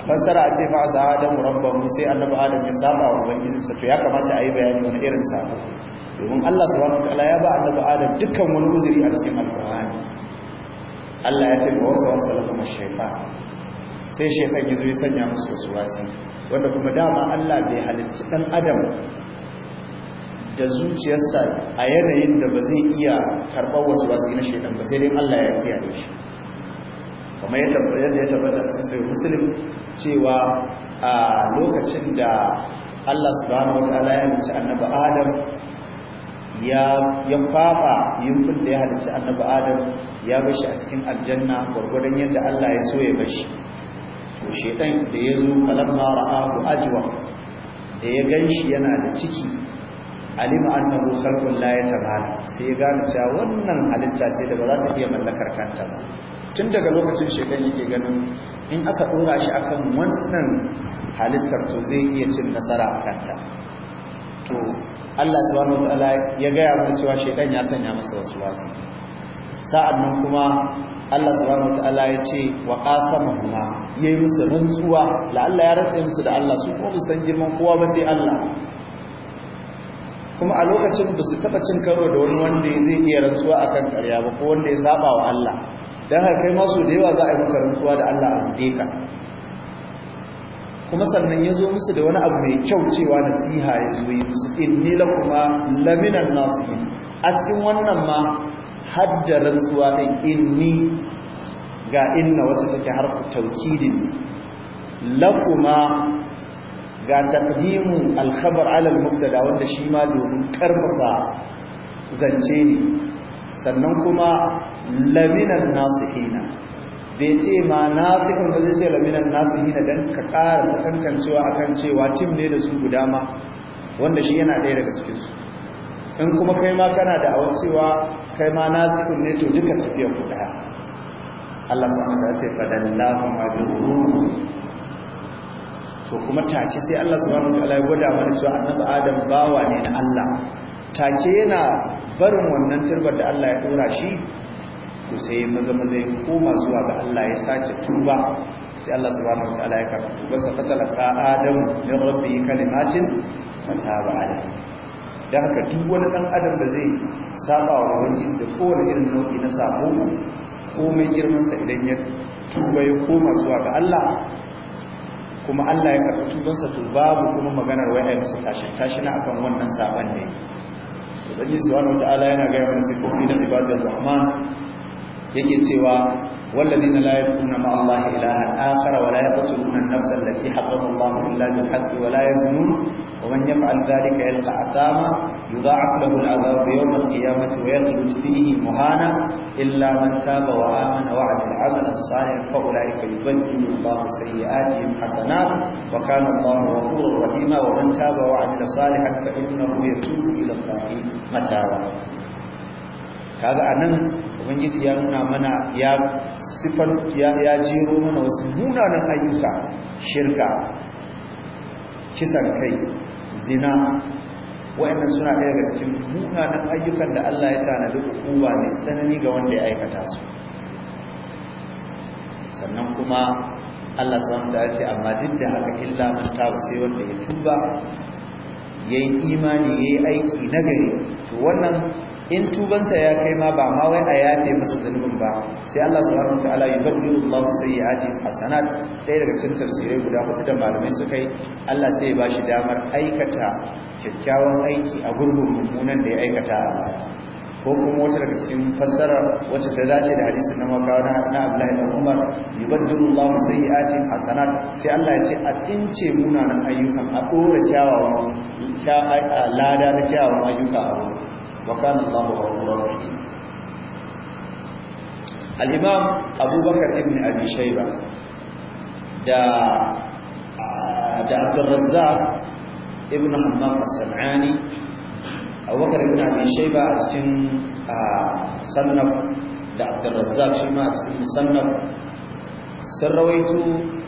fassara a ce ma a sa adamu rabbahu sai annabi adam ya saba wa ubangiji sa to ya kamata a yi bayani wani irin sako domin Allah subhanahu wataala ya ba annabi adam dukkan wani uzuri a cikin alqur'ani Allah ya ce ba wasu wasu lakum ash sai shaytan gizo ya sanya musu wasu wasi wanda kuma dama Allah bai halicci dan adam da zuciyarsa a yanayin da ba zai iya karbar wasu wasu na shaidan ba sai dai Allah ya kiyaye shi kuma ya tabbata ya tabbata cikin sai muslim cewa a lokacin da Allah subhanahu wataala ya halicci annabi Adam ya ya fafa yumfin da ya halicci annabi Adam ya shi a cikin aljanna gurgurdan yadda Allah ya so ya shi to shedan da ya zo falamma ra'ahu ajwa da ya ganshi yana da ciki alima annahu khalqun la yatabala sai ya gane cewa wannan halitta ce da ba za ta iya mallakar kanta ba tun daga lokacin shedan yake ganin in aka dora shi akan wannan halittar to zai iya cin nasara a kanta to Allah subhanahu wa ta'ala ya ga ya cewa shedan ya sanya masa wasu wasu sa'an nan kuma Allah subhanahu Ta'ala ya ce wa ya yi musu rantsuwa la’alla ya rantsa musu da Allah su kuma san girman kowa ba sai Allah kuma a lokacin ba su taɓa cin karo da wani wanda ya zai iya rantsuwa a kan ƙarya ba ko wanda ya saba wa Allah Don haka kai masu da yawa za a yi maka rantsuwa da Allah a bude ka kuma sannan ya zo musu da wani abu mai kyau cewa nasiha ya zo yi musu inni kuma laminan nasihin a cikin wannan ma hadda rantsuwa ɗin inni ga inna wacce take harfi taukidin lakuma ga taqdimu alkhabar alal ala wanda shi ma domin karfafa zance ne sannan kuma laminan hina bai ce ma nasu hina zai ce laminan nasu hina dan ka ƙara ta kankancewa akan cewa tim ne da su guda ma wanda shi yana ɗaya daga cikinsu, in kuma kai ma kana da awa kai ma na zikin ne to duka tafiya ku daya Allah subhanahu wa ta'ala ce fadallahu ajruhu to kuma take sai Allah subhanahu wa ta'ala ya gwada mana cewa annabi Adam bawa ne na Allah take yana barin wannan turbar da Allah ya dora shi to sai maza maza ya koma zuwa ga Allah ya sake tuba sai Allah subhanahu wa ta'ala ya karɓi sa fatalaka Adam ya rabbi kalimatin fataba alayhi da haka duk wani ɗan adam da zai saba wa wani da kowane irin nau'i na sabo komai girmansa idan ya tuba ya koma zuwa ga Allah kuma Allah ya karɓi tubansa to babu kuma maganar waya masa tashi tashi na akan wannan saban ne to dan Allah yana ga wani sifofi na ibadar rahman yake cewa والذين لا يدعون مع الله إلها آخر ولا يقتلون النفس التي حرم الله إلا بالحق ولا يزنون ومن يفعل ذلك يلقى أثاما يضاعف له العذاب يوم القيامة ويخلد فيه مهانا إلا من تاب وآمن وعمل عملا صالحا فأولئك يبدل الله سيئاتهم حسنات وكان الله غفورا رحيما ومن تاب وعمل صالحا فإنه يتوب إلى الله متابا kaga anan ubangiji ya nuna mana ya sifar ya ya jero mana wasu munanan ayyuka shirka kisan kai zina wayannan suna ɗaya daga cikin munanan ayyukan da Allah ya tanadi hukuma ne tsanani ga wanda ya aikata su sannan kuma Allah subhanahu wa ce amma duk da haka illa man sai wanda ya tuba yayi imani yayi aiki nagari to wannan in tubansa ya kai ma ba ma wai a yafe masa zunubin ba sai Allah subhanahu wataala ya babbiru Allah sayyi'ati hasanat dai daga cikin tafsirai guda hudu da malamai suka yi Allah sai ya bashi damar aikata kyakkyawan aiki a gurbin mummunan da ya aikata a baya ko kuma wata daga cikin fassara wacce ta dace da hadisin na makawa na Abdullahi da Umar yubaddilu Allah sayyi'ati hasanat sai Allah ya ce a tsince munanan ayyukan a dora kyawawan lada na kyawawan ayyuka a wurin wa kana Allahu ghafurur rahim al-imam Abu ibn Abi da ah, da Abdul ibn Hammam as-Sam'ani Abu ibn Abi Shayba a cikin ah, sannan da Abdul Razzaq shi ma a cikin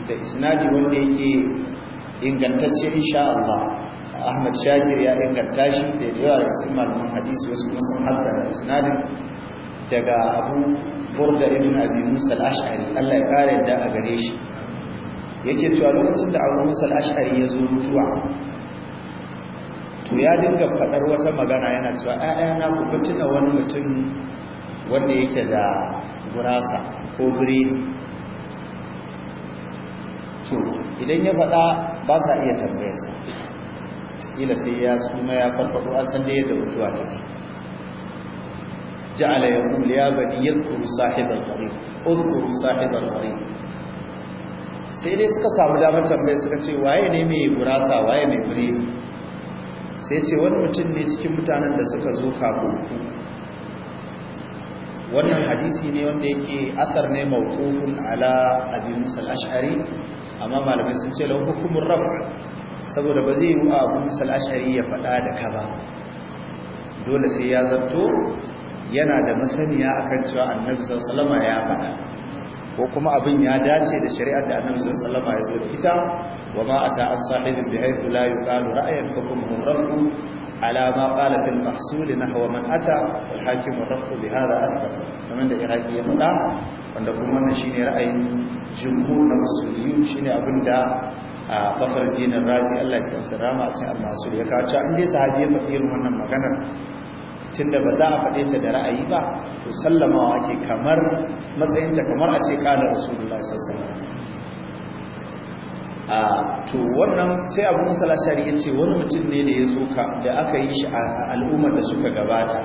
da isnadi wanda yake ingantacce insha ahmad shakir ya inganta shi da yawa da sun malaman hadisi wasu kuma sun hasa da sinadin daga abu burda ibn abi musa al-ash'ari Allah ya kare da a gare shi yake cewa lokacin da abu musa al-ash'ari ya zo mutuwa to ya dinga fadar wata magana yana cewa na ku fitina wani mutum wanda yake da gurasa ko biredi to idan ya faɗa ba sa iya tambayarsa kila sai ya suma ya farfado an san da yadda mutuwa take ja'ala yaqul ya bani yadhkuru sahibal gharib udhkuru sahibal gharib sai dai suka samu damar tambaye suka ce waye ne mai gurasa waye mai biredi sai ce wani mutum ne cikin mutanen da suka zo kafin ku wannan hadisi ne wanda yake asar ne mawqufun ala abi musa al-ash'ari amma malamai sun ce lahu hukumur raf' saboda ba zai yi abu misal ashari ya faɗa da ka ba dole sai ya zarto yana da masaniya akan cewa annabi sallama ya faɗa ko kuma abin ya dace da shari'ar da annabi sallama ya zo da ita wa ma ata an sahibin bi haythu la yuqalu ra'yan hukum rafu ala ma qala fil mahsul nahwa man ata wal hakim rafu bi hadha athbat kamar da iraki ya faɗa wanda kuma wannan shine ra'ayin jumhur na masuliyun shine abin da a fasar jinin razi Allah ya kansa rama a cin almasu ya kawo cewa inda sahabi ya faɗi irin wannan maganar tunda ba za a faɗe ta da ra'ayi ba to sallamawa ake kamar matsayinta kamar a ce kana rasulullahi sallallahu alaihi wasallam to wannan sai abu musala shari ya ce wani mutum ne da ya zo ka da aka yi shi a al'ummar da suka gabata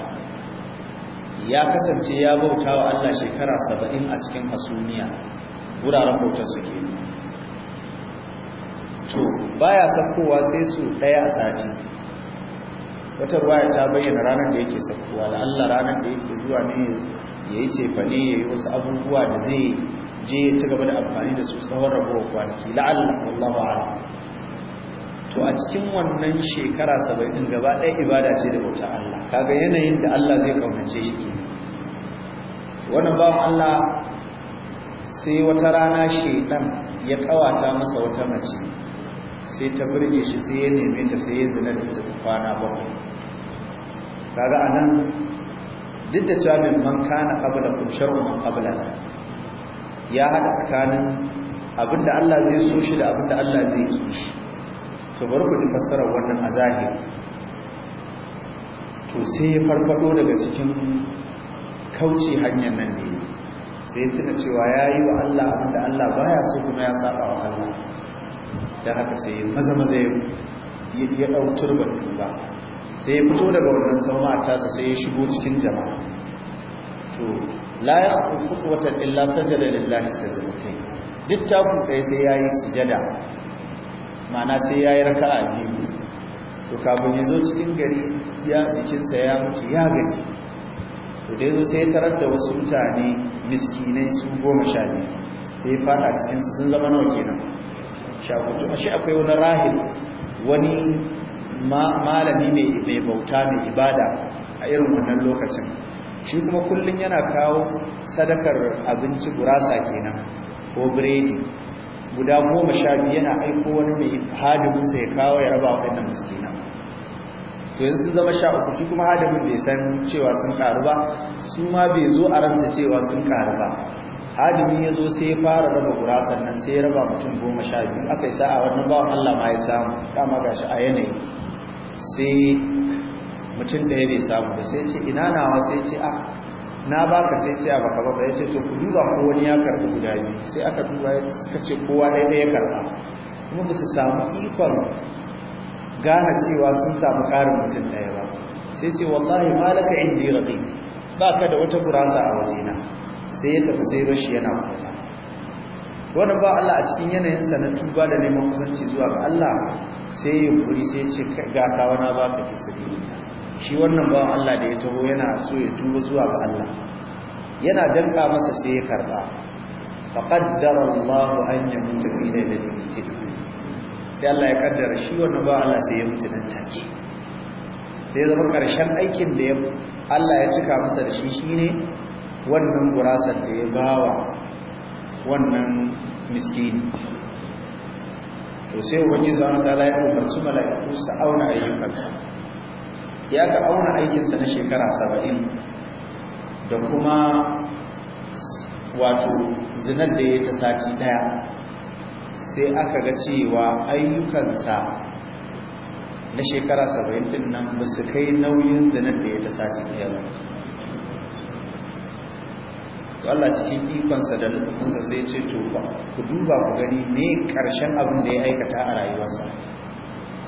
ya kasance ya bauta wa Allah shekara saba'in a cikin hasumiya wuraren bautar su to baya sakkowa sai su daya a sati wata ruwaya ta bayyana ranar da yake sakkowa da Allah ranar da yake zuwa ne ya yi cefa ya yi wasu abubuwa da zai je ya ci gaba da amfani da su tsawon rabuwar kwanaki la'alla wa ala to a cikin wannan shekara saba'in gaba ɗaya ibada ce da bauta Allah kaga yanayin da Allah zai kaunace shi ke wannan bawan Allah sai wata rana shaidan ya kawata masa wata mace sai ta birge shi sai ya neme ta sai ya zina da ta kwana bakwai kaga anan duk da cewa mun man kana qabla kun sharu man qabla ya hada tsakanin abinda Allah zai so shi da abinda Allah zai ki shi to bari ku fassara wannan a zahiri to sai ya farfado daga cikin kauce hanyar nan ne sai tuna cewa yayi wa Allah abinda Allah baya so kuma ya saba wa Allah da haka sai maza maza ya ɗautar batu ba, sai ya fito daga wannan sauma tasa sai ya shigo cikin jama'a to la ya fito watan illa sajada lillahi sajadatain duk taku ɗaya sai ya yi sujada ma'ana sai ya yi a biyu to kafin ya zo cikin gari ya jikinsa ya mutu ya gaji to da zo sai ya tarar da wasu mutane miskinai su goma sha biyu sai ya fada cikinsu sun zama nawa kenan a shi akwai wani rahil wani malami mai bauta mai ibada a irin wannan lokacin shi kuma kullum yana kawo sadakar abinci gurasa kenan ko biredi guda goma sha biyu yana aiko wani mai hadiminsa ya kawo ya raba waɗannan miskina to yanzu sun zama sha uku shi kuma hadimin bai san cewa sun ƙaru ba su ma bai zo a ransa cewa sun karu ba hadimi ya zo sai ya fara raba gurasa nan sai ya raba mutum goma sha biyu aka yi sa'a wannan bawan Allah ma ya samu dama gashi a yanayi sai mutum ɗaya bai samu da sai ce ina nawa sai ce a ah, na ka sai ce a baka baka ya ce to ku duba ko wani ya karɓi guda biyu sai aka duba suka ce kowa ɗaya ɗaya karɓa kuma ba su samu ikon gane cewa sun samu ƙarin mutum ɗaya ba sai ce wallahi malaka indi ne. ba ka da wata gurasa a wajena sai ya tafi sai rashi yana kuka wanda ba Allah a cikin yanayin sa na tuba da neman kusanci zuwa ga Allah sai ya yunkuri sai ya ce ga tawana ba ka kisiri shi wannan ba Allah da ya taho yana so ya tuba zuwa ga Allah yana danka masa sai ya karba faqaddara Allah an yamuta ila lailatin qadr sai Allah ya kaddara shi wannan ba Allah sai ya mutu nan take sai zama karshen aikin da Allah ya cika masa da shi shine wannan gurasar da ya bawa wannan miskini to sai ubangiji subhanahu wataala ya umarci mala'iku su auna ayyukansa ya ka auna aikinsa na shekara saba'in da kuma wato zinar da ya ta sati daya sai aka ga cewa ayyukansa na shekara saba'in din nan ba su kai nauyin zinar da ya ta sati daya ba to Allah cikin ikonsa da nufinsa sai ce to ba ku duba ku gani me karshen abin da ya aikata a rayuwarsa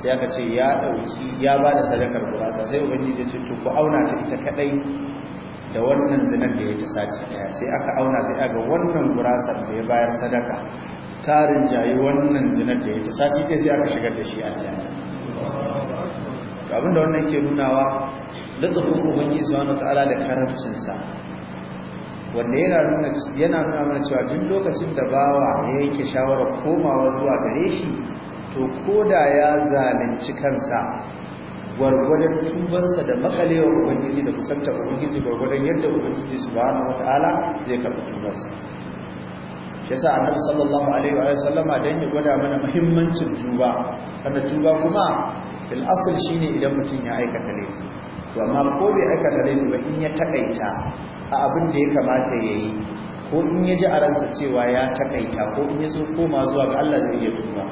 sai aka ce ya dauki ya ba da sadakar gurasa sai ubangiji ya ce to ku auna ta ita kadai da wannan zinar da ya ta sace daya sai aka auna sai aka wannan gurasar da ya bayar sadaka tarin jayi wannan zinar da ya ta sace sai aka shigar da shi aljanna abinda wannan ke nunawa da tsofin ubangiji subhanahu ta'ala da karamcinsa wanda yana nuna yana nuna mana cewa duk lokacin da bawa ya yake shawarar komawa zuwa gare shi to koda ya zalunci kansa gwargwadon tubansa da makalewar ubangiji da kusantar ubangiji gwargwadon yadda ubangiji subhanahu wataala zai karɓi tubansa shi yasa annabi sallallahu alaihi wa sallama dan ya gwada mana muhimmancin juba, kada tuba kuma fil asl shine idan mutum ya aikata laifi to amma ko bai aikata laifi ba in ya takaita a abin da ya kamata ya yi ko in ya ji a ransa cewa ya takaita ko in ya so koma zuwa ga Allah zai iya tuba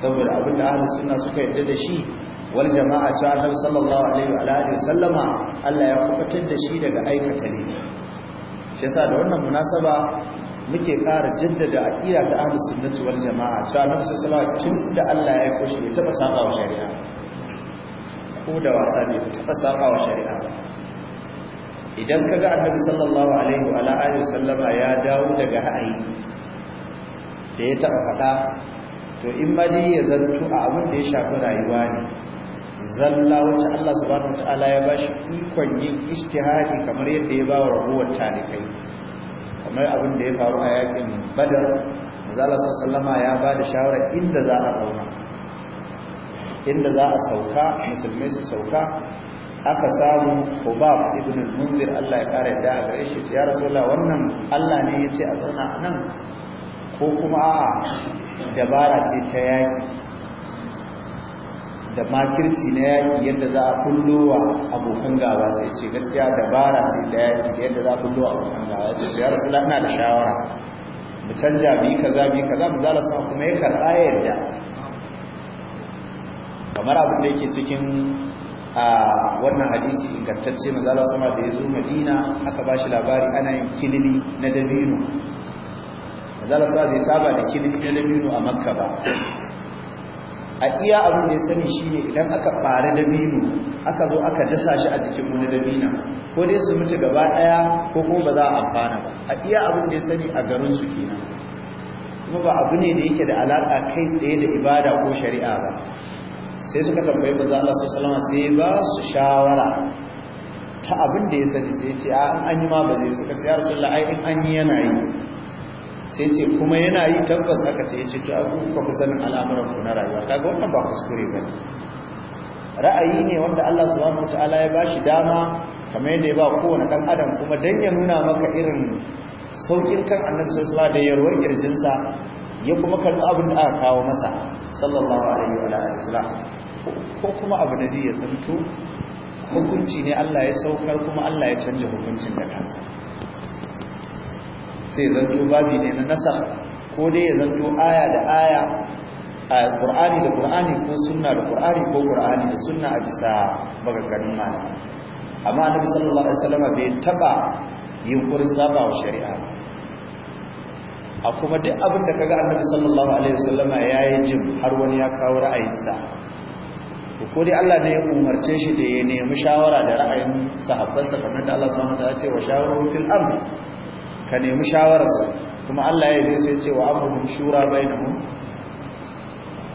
saboda abin da ahlus sunna suka yarda da shi wal jama'a ta annabi sallallahu alaihi wa alihi sallama Allah ya kubutar da shi daga aikata ne shi yasa da wannan munasaba muke ƙara jaddada aqida ta ahlus sunnati wal jama'a ta annabi sallallahu alaihi tun da Allah ya koshi ya saba wa shari'a ko da wasa ne taba saba wa shari'a idan ka ga annabi sallallahu alaihi wa alihi sallama ya dawo daga ha'ayi da ya taba faɗa to in ma dai ya zanto a abin da ya shafi rayuwa ne zalla wacce Allah subhanahu wataala ya bashi ikon yin ijtihadi kamar yadda ya bawa rabuwar talikai kamar abin da ya faru a yakin badar zalla sallama ya ba da shawara inda za a zauna inda za a sauka musulmai su sauka aka samu Hubab ibn al-Munzir Allah ya kare da a gare shi ya Rasulullah wannan Allah ne yace a zauna a nan ko kuma a'a dabara ce ta yaki da makirci na yaki yadda za a kullowa abokan gaba sai ce gaskiya dabara ce ta yaki yadda za a kullowa abokan gaba sai ya Rasulullah ina da shawara mu canja bi kaza bi kaza mu zala sa kuma ya karɓa yadda kamar abin da yake cikin a wannan hadisi ingantacce zala sama da ya zo madina aka ba shi labari ana yin kilimi na dabino zala sama bai saba da kilimi na dabino a makka ba a iya abin da ya sani shi ne idan aka fara dabino aka zo aka dasa shi a jikin wani dabina ko dai su mutu gaba ɗaya ko kuma ba za a amfana ba a iya abin da ya sani a garin su kenan kuma ba abu ne da yake da alaƙa kai tsaye da ibada ko shari'a ba sai suka tambayi manzo Allah sallallahu alaihi sai ba su shawara ta abin da ya sani sai ce a an yi ma ba zai suka ce ya rasulullah ai in an yi yana yi sai ce kuma yana yi tabbas aka ce yace to ku ka fi sanin al'amuran ku na rayuwa kaga wannan ba kuskure ba ra'ayi ne wanda Allah subhanahu wataala ya bashi dama kamar yadda ya ba kowane dan adam kuma dan ya nuna maka irin saukin kan annabi sallallahu alaihi wasallam da yarwar kirjinsa ya kuma karɓi abin da aka kawo masa sallallahu alaihi wa sallam ko kuma abu da ya zanto hukunci ne Allah ya saukar kuma Allah ya canja hukuncin da kansa sai zanto babi ne na nasa ko dai ya zanto aya da aya a Qur'ani da Qur'ani ko sunna da Qur'ani ko Qur'ani da sunna a bisa maganganun malamai amma annabi sallallahu alaihi wa sallam bai taba yunkurin saba wa shari'a a kuma duk abin da kaga annabi sallallahu alaihi wasallama yayi jin har wani ya kawo ra'ayinsa ko dai Allah ne ya umarce shi da ya nemi shawara da ra'ayin sahabbansa kamar da Allah subhanahu wataala ya ce wa shawaru fil amr ka nemi su, kuma Allah ya yi sai ya ce wa amruhum shura bainahum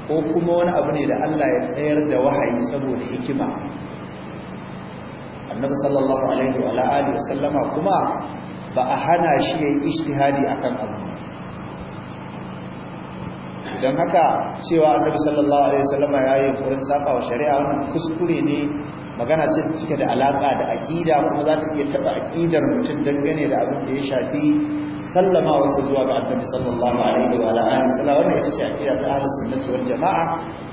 ko kuma wani abu ne da Allah ya tsayar da wahayi saboda hikima annabi sallallahu alaihi wa alihi wasallama kuma ba a hana shi yayi ijtihadi akan abu don haka cewa annabi sallallahu alaihi wasallama ya yi yunkurin saba wa shari'a wannan kuskure ne magana ce cike da alaka da aqida kuma za ta iya taba aqidar mutum dangane da abin da ya shafi sallama wasu zuwa ga annabi sallallahu alaihi wa alihi wannan ita ce aqida ta ahlus sunnati jamaa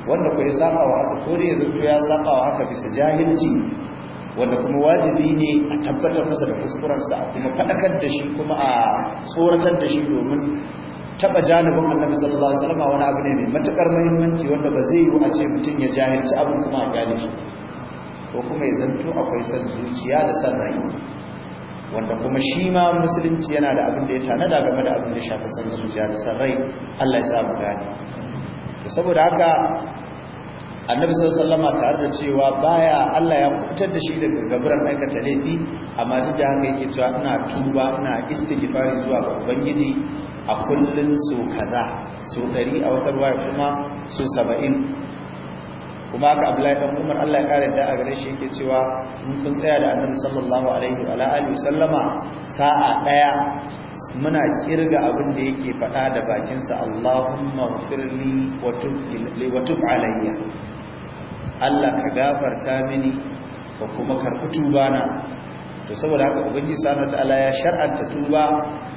wanda ku ya saba haka ko ya zanto ya saba wa haka bisa jahilci wanda kuma wajibi ne a tabbatar masa da kuskurensa kuma faɗakar da shi kuma a tsoratar da shi domin taba janibin annabi sallallahu alaihi wasallam wani abu ne mai matakar muhimmanci wanda ba zai yi a ce mutum ya jahilci abin kuma a gane shi ko kuma ya zanto akwai san zuciya da san rai wanda kuma shi ma musulunci yana da abin da ya tanada game da abin da shafi san zuciya da san rai Allah ya sa mu gane saboda haka annabi sallallahu alaihi tare da cewa baya Allah ya kutar da shi daga gaburan aikata laifi amma duk da haka yake cewa ina tuba ina istighfari zuwa ga ubangiji a kullun su kaza su ɗari a wata ruwa kuma su saba'in kuma aka abdullahi dan umar Allah ya kare da a gare shi yake cewa in kun tsaya da annabi sallallahu alaihi wa alihi sallama sa'a daya muna kirga abin da yake faɗa da bakin sa Allahumma firli wa tub wa tub alayya Allah ka gafarta mini ko kuma karbi tuba na to saboda haka ubangiji subhanahu wa ta'ala ya shar'anta tuba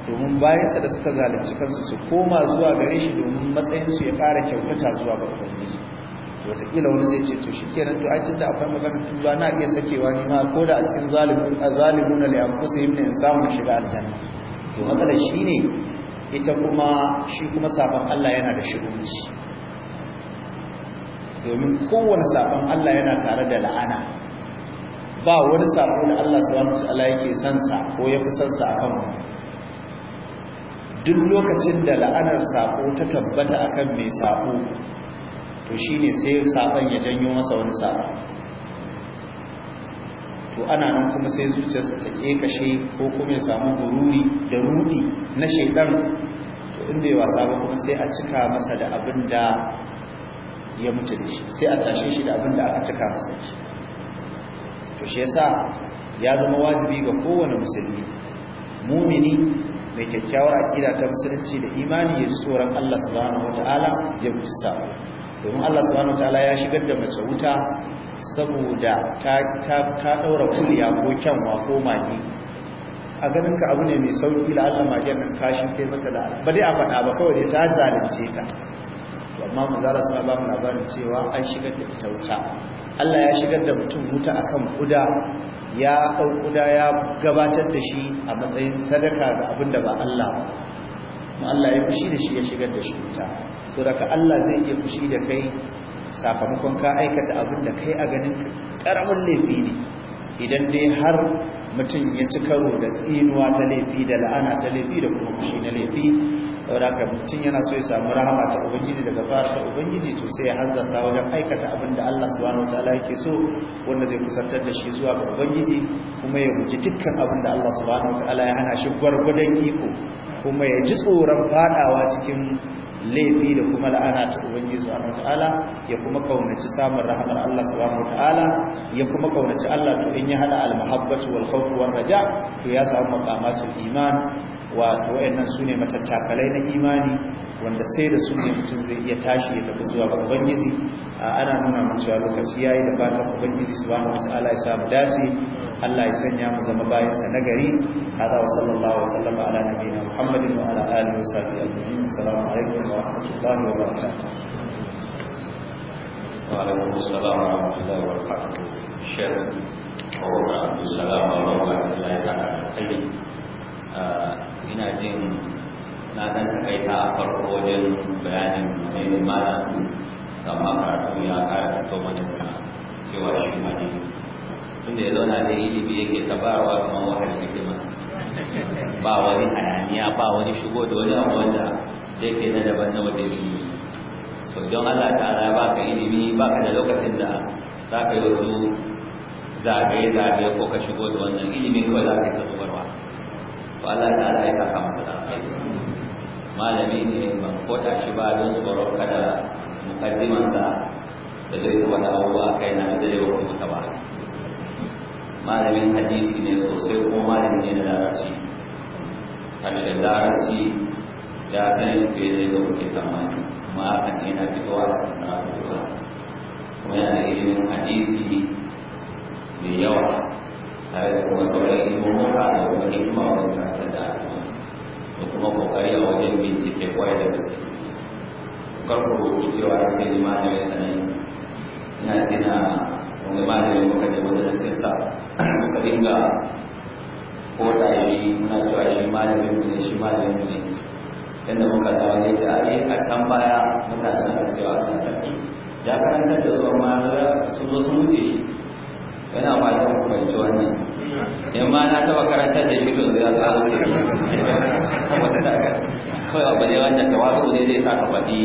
domin bayansa da suka zalunci kansu su koma zuwa gare shi domin matsayinsu ya ƙara kyautata zuwa ga ubangiji wataƙila wani zai ce to shi kenan to aikin da akwai maganar tuba na iya sakewa ni ma ko da a cikin zalimin a zalimun na liyankusa yi in samu shiga aljanna to matsalar shi ne ita kuma shi kuma sabon allah yana da shigunci domin kowane sabon allah yana tare da la'ana ba wani sabon da allah subhanahu wa ta'ala yake sansa ko ya fi sansa akan duk lokacin da la'anar sako ta tabbata a kan mai sako to shi ne sai sakon ya janyo masa wani sako to ana nan kuma sai zuciyarsa ta kashe ko kuma ya samu gururi da rudi na shekar to inda yawa sabon kuma sai a cika masa da abin da ya mutu da shi sai a tashe shi da abin da aka cika masa shi to shi ya sa ya zama wajibi ga kowane musulmi mumini mai kyakkyawar aƙida ta musulunci da imani ya ji tsoron Allah subhanahu wataala ya gusa domin Allah subhanahu wataala ya shigar da mace wuta saboda ta ɗaura daura kuliya ko kyanwa ko magi a ganin ka abu ne mai sauƙi la Allah magiyar nan kashin kai mata da ba dai a faɗa ba kawai dai ta zalunce ta amma manzara suna ba mu labarin cewa an shigar da ita wuta Allah ya shigar da mutum wuta akan kuda ya kuda ya gabatar da shi a matsayin sadaka ga abin da ba Allah ba kuma Allah ya fushi da shi ya shigar da shi wuta so daga Allah zai iya fushi da kai sakamakon ka aikata abin da kai a ganin karamin laifi ne idan dai har mutum ya ci karo da tsinuwa ta laifi da la'ana ta laifi da kuma fushi na laifi saboda haka mutum yana so ya samu rahama ta ubangiji daga fara ubangiji to sai ya hanzarta wajen aikata abin da Allah subhanahu wataala yake so wanda zai kusantar da shi zuwa ga ubangiji kuma ya guji dukkan abin da Allah subhanahu wataala ya hana shi gwargwadon iko kuma ya ji tsoron fadawa cikin laifi da kuma la'ana ta ubangiji subhanahu wataala ya kuma kaunaci samun rahamar Allah subhanahu wataala ya kuma kaunaci Allah to in ya hada al-mahabbatu wal khawfu war raja to ya samu maqamatul iman wato wayannan su ne matattakalai na imani wanda sai da su ne mutum zai iya tashi ya tafi zuwa ga ubangiji ana nuna mu cewa lokaci yayi da fatan ubangiji subhanahu wataala ya samu dace Allah ya sanya mu zama bayansa na gari hada wa sallallahu wa sallama ala nabiyina muhammadin wa ala alihi wa sahbihi ajma'in assalamu alaikum wa rahmatullahi wa barakatuh wa alaikum assalam wa rahmatullahi wa barakatuh shekh Umar Abdul Salam wa rahmatullahi wa barakatuh ina jin na dan takaita a farko wajen bayanin mai mara amma karatu ya kara fito mana da cewa shi ma ne tunda ya zauna da ilimi yake tabarwa kuma wahayi yake masa ba wani hayaniya ba wani shigo da wani abu wanda ke na daban na wajen ilimi so don Allah ta'ala ba ka ilimi ba ka da lokacin da za ka yi wasu zagaye-zagaye ko ka shigo da wannan ilimin kawai za ka yi ta zubarwa Allah da Allah ya saka masa da malami ne ko da shi ba don tsoron kada sa da zai taɓa da abubuwa kai na da yawa wa ta ba malamin hadisi ne sosai ko malami ne na larabci harshen larabci ya san shi fiye da yadda kuke ne kuma hakan yana fitowa da kuma kuma yana ilimin hadisi mai yawa tare da kuma sauran ilmomin da kuma hikima wanda da kuma kokari a wajen bincike kwaya da gaske karku roƙi cewa ya ce ni malami sani ina tina wani malami muka da wani sassa muka dinga da shi muna cewa shi malamin mu ne shi malamin mu ne yadda muka dawo wani ce yi a can baya muna sanar cewa ana tafi ya karanta da su amma su zo su mutu shi yana fata ku fahimci wannan yan ma na taba karanta da shi to za su daga kawai abu ne wannan wasu ne zai sa ka faɗi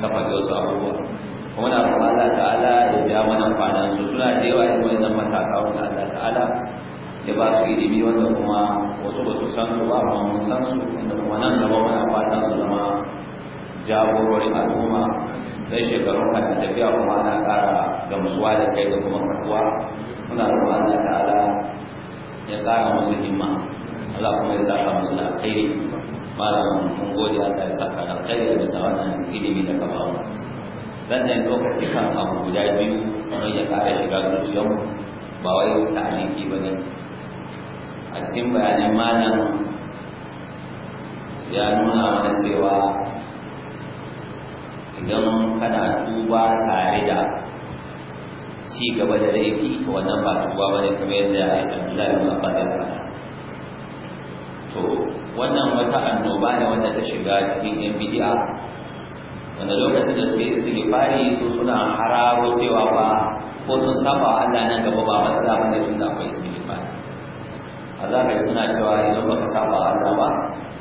ka faɗi wasu abubuwa kuma na roƙon Allah ta'ala ya ja mana kwanan su suna da yawa irin wannan matasa wanda Allah ta'ala ya ba su ilimi wanda kuma wasu ba su san su ba amma mun san su inda kuma nan gaba muna fatan su zama jagororin al'umma sai shekarun ka tafiya kuma ana ƙara gamsuwa da kai da kuma karkuwa muna roƙon Allah ala ya ƙara musu himma Allah kuma ya saka musu da alkhairi malam mun gode Allah ya saka da alkhairi bisa wannan ilimi da ka bawo dan nan lokaci kan abu guda biyu don ya ƙara shiga zuciyarmu ba wai ta'aliki ba ne a cikin bayanin malam ya nuna mana cewa idan kana tuba tare da ci gaba da laifi to wannan ba tuba ba ne kamar yadda ya isa Allah ya ba da to wannan wata annoba ne wanda ta shiga cikin yan bid'a wanda lokacin da suke fari su suna hararo cewa ba ko sun saba Allah nan gaba ba za ba ne tunda akwai ka azaba suna cewa idan baka saba Allah ba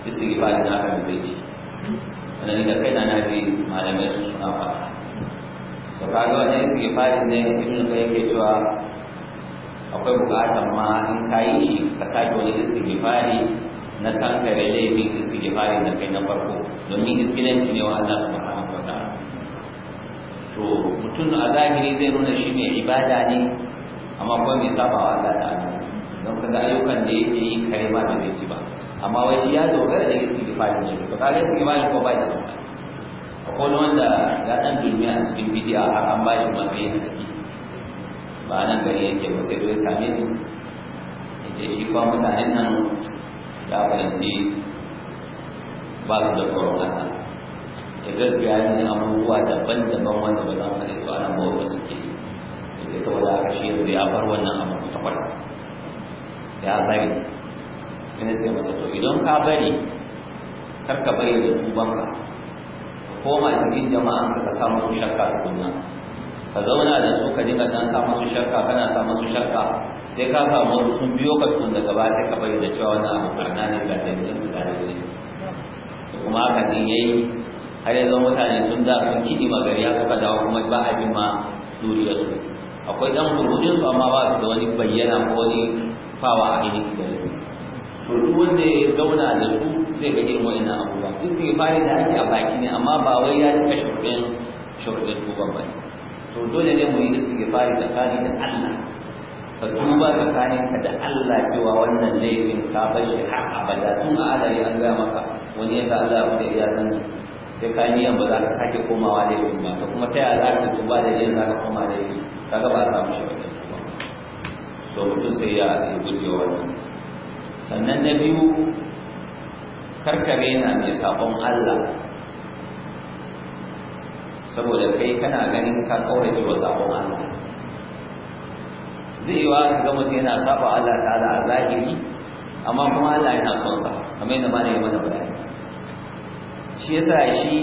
fari na ka bai ci wannan da kai na fi malamai su suna fata so kaga ke fari ne ibnu kai yake cewa akwai bukatar ma in ka yi shi ka sake wani ke fari na kankare ke fari na kai na farko domin iskilanci ne wa Allah subhanahu wa ta'ala to mutum a zahiri zai nuna shi mai ibada ne amma kuma mai saba wa Allah ta'ala don kaga ayyukan da yake yi kare ba da yake ba amma wai shi ya dogara da fadi ne to kaga istighfari ko ba da amfani akwai wanda ya dan dulmiya a cikin bidiya har an ba shi matsayi a ciki ba nan gari yake ba sai dai same ni in ce shi fa mutanen nan da fahimci ba su da korona Allah ya gaggaya ne abubuwa daban-daban wanda ba za ka yi ba nan ba ke yi ya ce saboda a shi yanzu ya bar wannan abu ta kwallo ya bari sai na ce masa to idan ka bari kar ka bari da tubanka koma cikin jama'an ka samu su shakka tukunna ka zauna da su ka dinga dan samu shakka kana samu su shakka sai ka samu sun biyo ka tun daga ba sai ka bari da cewa wannan abu karna ne ga da ne da ne kuma haka din yayi har yanzu mutane sun da sun kidi ya suka dawo kuma ba a jima su akwai dan burudin su amma ba su da wani bayyana ko wani fawa a ainihin gare to duk wanda ya zauna da su zai ga irin wa'annan abubuwa fari da ake a baki ne amma ba wai ya cika shurbin shurbin tuban ba to dole ne mu yi fari tsakani da Allah ka tuba tsakanin ka da Allah cewa wannan laifin ka bar shi har abada tun a adari an ga maka wani yasa Allah ya bude iyalan sai ka niyan ba za ka sake komawa laifin ba ka kuma ta yaya za ka tuba da yin za ka koma laifin kaga ba a samu shi ba to mutum sai ya guje wannan sannan na biyu karkare na mai sabon Allah saboda kai kana ganin ka kaurace wa sabon Allah zai yi wa ga mutum yana saba Allah ta'ala a zahiri amma kuma Allah yana son sa kamar yadda malai mana bayani shi yasa shi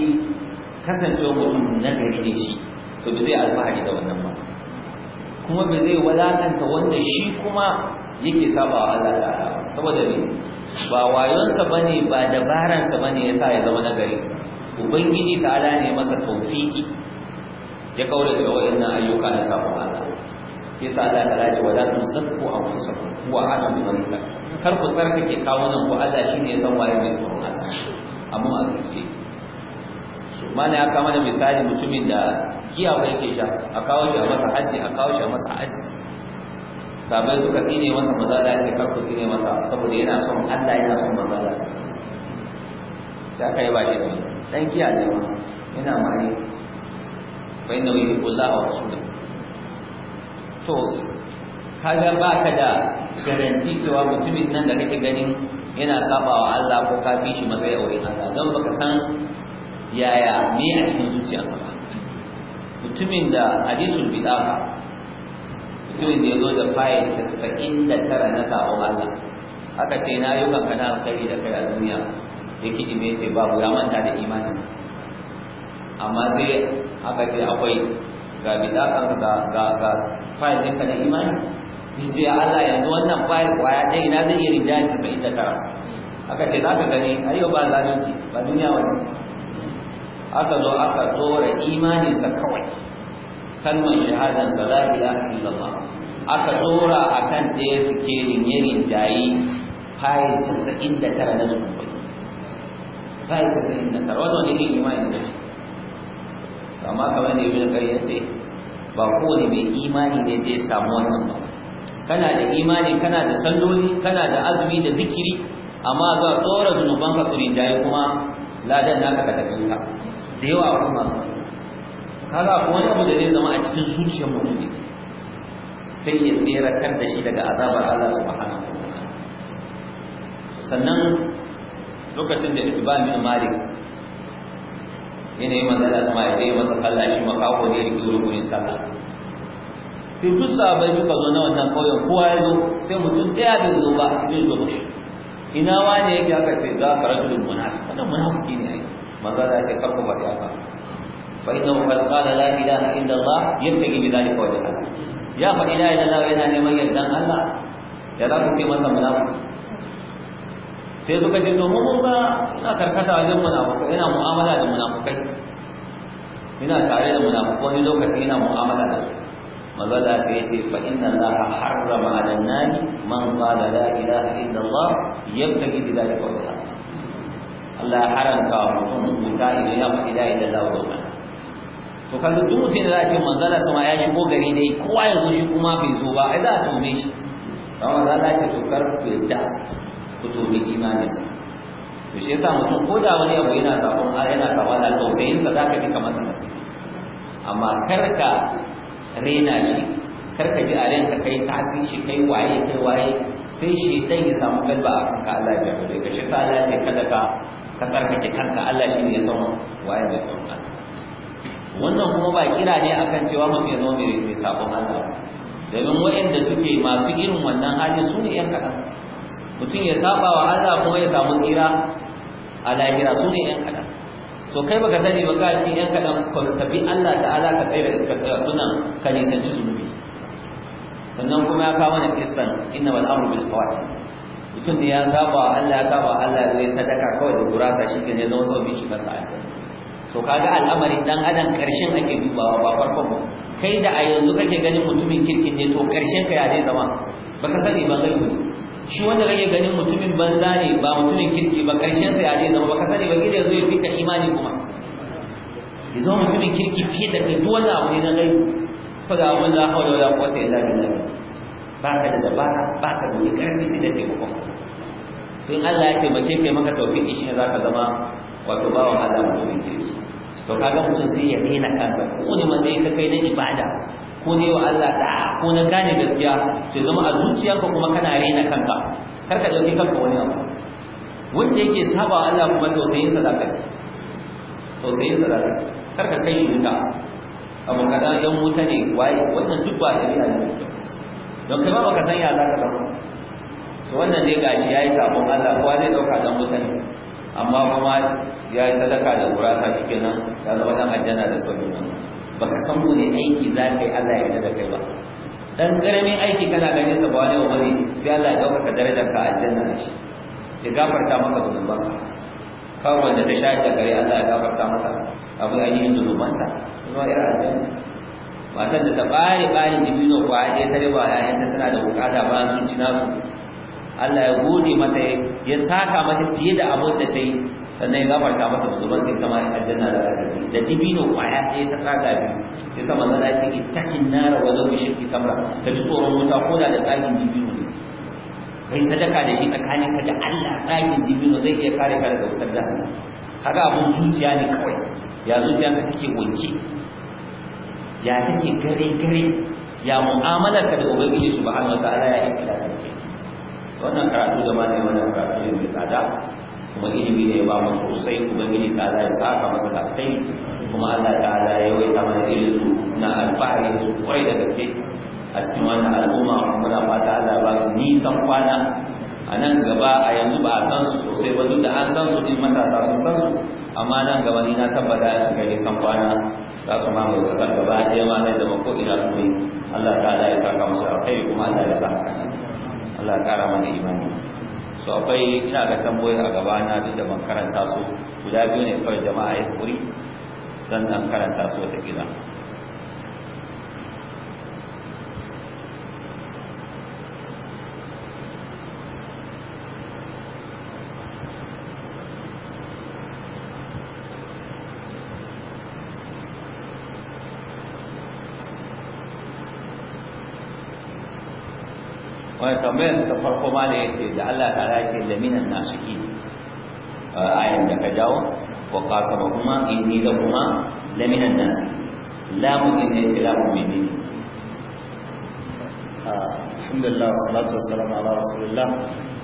kasance mutum nagari ne shi to bi zai alfahari da wannan ba kuma ba zai wadatanta wanda shi kuma yake saba wa Allah ta'ala saboda ne ba wayonsa bane ba dabaransa bane yasa ya zama nagari ubangiji ta'ala ne masa tawfiki ya kaure da wayannan ayyuka na sabon Allah ke sa Allah ta lace wala tusabbu aw tusabbu wa ana bimanka kar ku tsarkake nan ku Allah shine ya san waye mai tsoron Allah amma a zuciya mana ya kama da misali mutumin da giya ba yake sha a kawo shi a masa haddi a kawo shi a masa haddi sabai suka tsine masa maza da sai karku tsine masa saboda yana son Allah yana son maza da sai aka yi ba shi dan giya ne ma yana mari fa inna yuhibbullaha wa rasuluhu to kaga baka da garanti cewa mutumin nan da kake ganin yana sabawa Allah ko ka fi shi matsayi a wurin Allah don baka san yaya me a cikin zuciyarsa ba mutumin da hadisul bid'a mutumin da ya zo da fayin tasa'in da tara na sabon Allah aka ce na yi kan na alkhairi da kai a duniya ya ki ime ce babu ya manta da imaninsa amma zai aka ce akwai ga bid'a ga ga ga fayin ɗinka na imani yace Allah yanzu wannan fayil kwaya ɗaya na zai iya rinjaye tasa'in da tara aka ce za ka gani har yau ba zalunci ba duniya wani aka zo aka dora imaninsa kawai kalmar shahadansa la ilaha illallah aka a akan ɗaya sikerin yarin dayi fayin casa'in da tara na zunubai fayin casa'in da tara wanda wani ne imanin da shi amma kamar da ibn qayyim sai ba kowane mai imani ne da ya samu wannan ba kana da imani kana da salloli kana da azumi da zikiri amma za a tsora zunubanka su rinjaye kuma ladan naka ka tafi ka da yawa a kuma kaga ko wani abu da zai zama a cikin zuciyar mutum ne sai ya tsira kan da shi daga azabar Allah subhanahu sannan lokacin da Ibn bin Malik yana yi manzala kuma ya yi masa sallah shi makaho ne yake wurin yin sallah sai duk sahabbai suka zo na wannan kauyen kowa ya zo sai mutum ɗaya bai zo ba a cikin zuciya ina wani yake aka ce za ka rajulun munafiq wannan munafiki ne ai maka da shi karku bari haka fa innahu qala la ilaha illa allah yabtagi bi dhalika wajha ya fa ila ila allah yana yadda allah ya za masa sai suka ce to mun ba ina karkata wajen ina mu'amala da munafikai ina tare da munafikai wani lokaci ina mu'amala da su مبدا فيتي فان Allah حرم على النار من la ilaha اله الا الله يبتغي بذلك وجهه Allah ya ka mutum wuta idan ya faɗi ila idan zawo ba to kan duk mutum da za ce manzala sama ya shigo gari ne, kowa ya zuci kuma bai zo ba ai za a shi amma za a ce tokar ku yadda ku imani imaninsa to shi yasa mutum ko da wani abu yana sabon ala yana sabon ala tausayin sa za ka ji kamar sa. amma karka rena shi karka ji a ranka kai fi shi kai waye kai waye sai shi dan ya samu kalba a kanka Allah ya bude ka shi sa Allah ya kada ka ka tsarkake kanka Allah shi ne ya san waye mai tsoron wannan kuma ba kira ne akan cewa mutum ya zama mai sabon Allah domin waɗanda suke masu irin wannan hali su ne ƴan kaɗan mutum ya saba wa Allah kuma ya samu tsira a lahira su ne ƴan kaɗan so kai baka sani ba kai yan kaɗan, ka bi Allah da ta'ala ka da ka tsaya sunan ka nisanci zunubi sannan kuma ya kawo mana kissan wal amru bil khawatim mutum ne ya saba Allah ya saba Allah zai sadaka kawai da gurasa shi ke ne zama sau bishi masa aljanna to kaga al'amari dan adam karshen ake dubawa ba farkon ba kai da a yanzu kake ganin mutumin kirkin ne to karshen ka ya zai zama baka sani ba zai ne shi wanda kake ganin mutumin banza ne ba mutumin kirki ba karshen sa ya zai zama baka sani ba gida yanzu ya fita imani kuma zama mutumin kirki fiye da kai duk wannan abu ne na gaibu saboda abin la hawla wala ya illa billah baka da dabara baka da wani karfi sai da taimakon in Allah ya taimake kai maka tawfiki shine zaka zama wato ba bawan Allah mutumin kirki to kaga mutum sai ya daina kanka ko ne manzai ka kai na ibada ko ne wa Allah da'a ko na gane gaskiya sai zama a zuciyarka kuma kana raina kanka kar ka dauki kanka wani abu wanda yake saba Allah kuma tausayin sa zaka ci tausayin sa zaka kar ka kai shi ka abu kaza yan wuta ne waye wannan duk ba da ne don kai ba baka san ya za ka zama to wannan dai gashi yayi sabon Allah kowa zai dauka dan mutane amma kuma yayi sadaka da gurata nan ya zama dan aljanna da sauri nan baka san mu ne aiki za kai Allah ya da kai ba dan karamin aiki kana ganin sa ba wani ba ne sai Allah ya dauka darajar ka aljanna da shi ya gafarta maka zunuban kawai wanda ta shaƙi gare Allah ya gafarta maka abu ya ainihin zunubanta kuma ya aljanna matan da ta bare bare dibino ko a ɗaya tare ba yayin da tana da bukata ba su ci nasu Allah ya gode mata ya saka mata fiye da abin da ta yi sannan ya gafarta mata zuban kai kama ya aljanna da rabbi da dibino a ɗaya ta tsaga biyu ya sama zana ce ittaqin nara wa law shirki kamra ka ji tsoron wuta ko da tsakin dibino ne kai sadaka da shi tsakaninka da Allah tsakin dibino zai iya kare ka daga wutar jahannam kaga abun zuciya ne kawai ya zuciya ka take wanke ya take gare gare ya mu'amala ka da ubangiji subhanahu wataala ya yi da kai wannan karatu da ma ne wannan karatu ne mai tsada kuma ilimi ne ba mu sosai ubangiji ta Allah ya saka masa da kai kuma Allah ta'ala ya yi mana irin su na alfahari su kwai da gaske a cikin wannan al'umma muna fata Allah ba san kwana a nan gaba a yanzu ba a san su sosai ba duk an san su din matasa sun san su amma nan gaba ni na tabbata a gani san kwana za su mamu kasar gaba ɗaya ma zai da ko ina su Allah ta da ya ka musu alkhairi kuma Allah ya saka Allah ya kara mana imani so akwai ina ga tamboyi a gaba na duk da ban karanta su guda biyu ne kawai jama'a ya kuri sannan karanta su wata gida wani tambayar da farko ma da ce da Allah ta yake da minan nasihi ayan da ka jawo wa yi da kuma da minan nas lamu inni yace lamu minni alhamdulillah salatu wassalamu ala allah.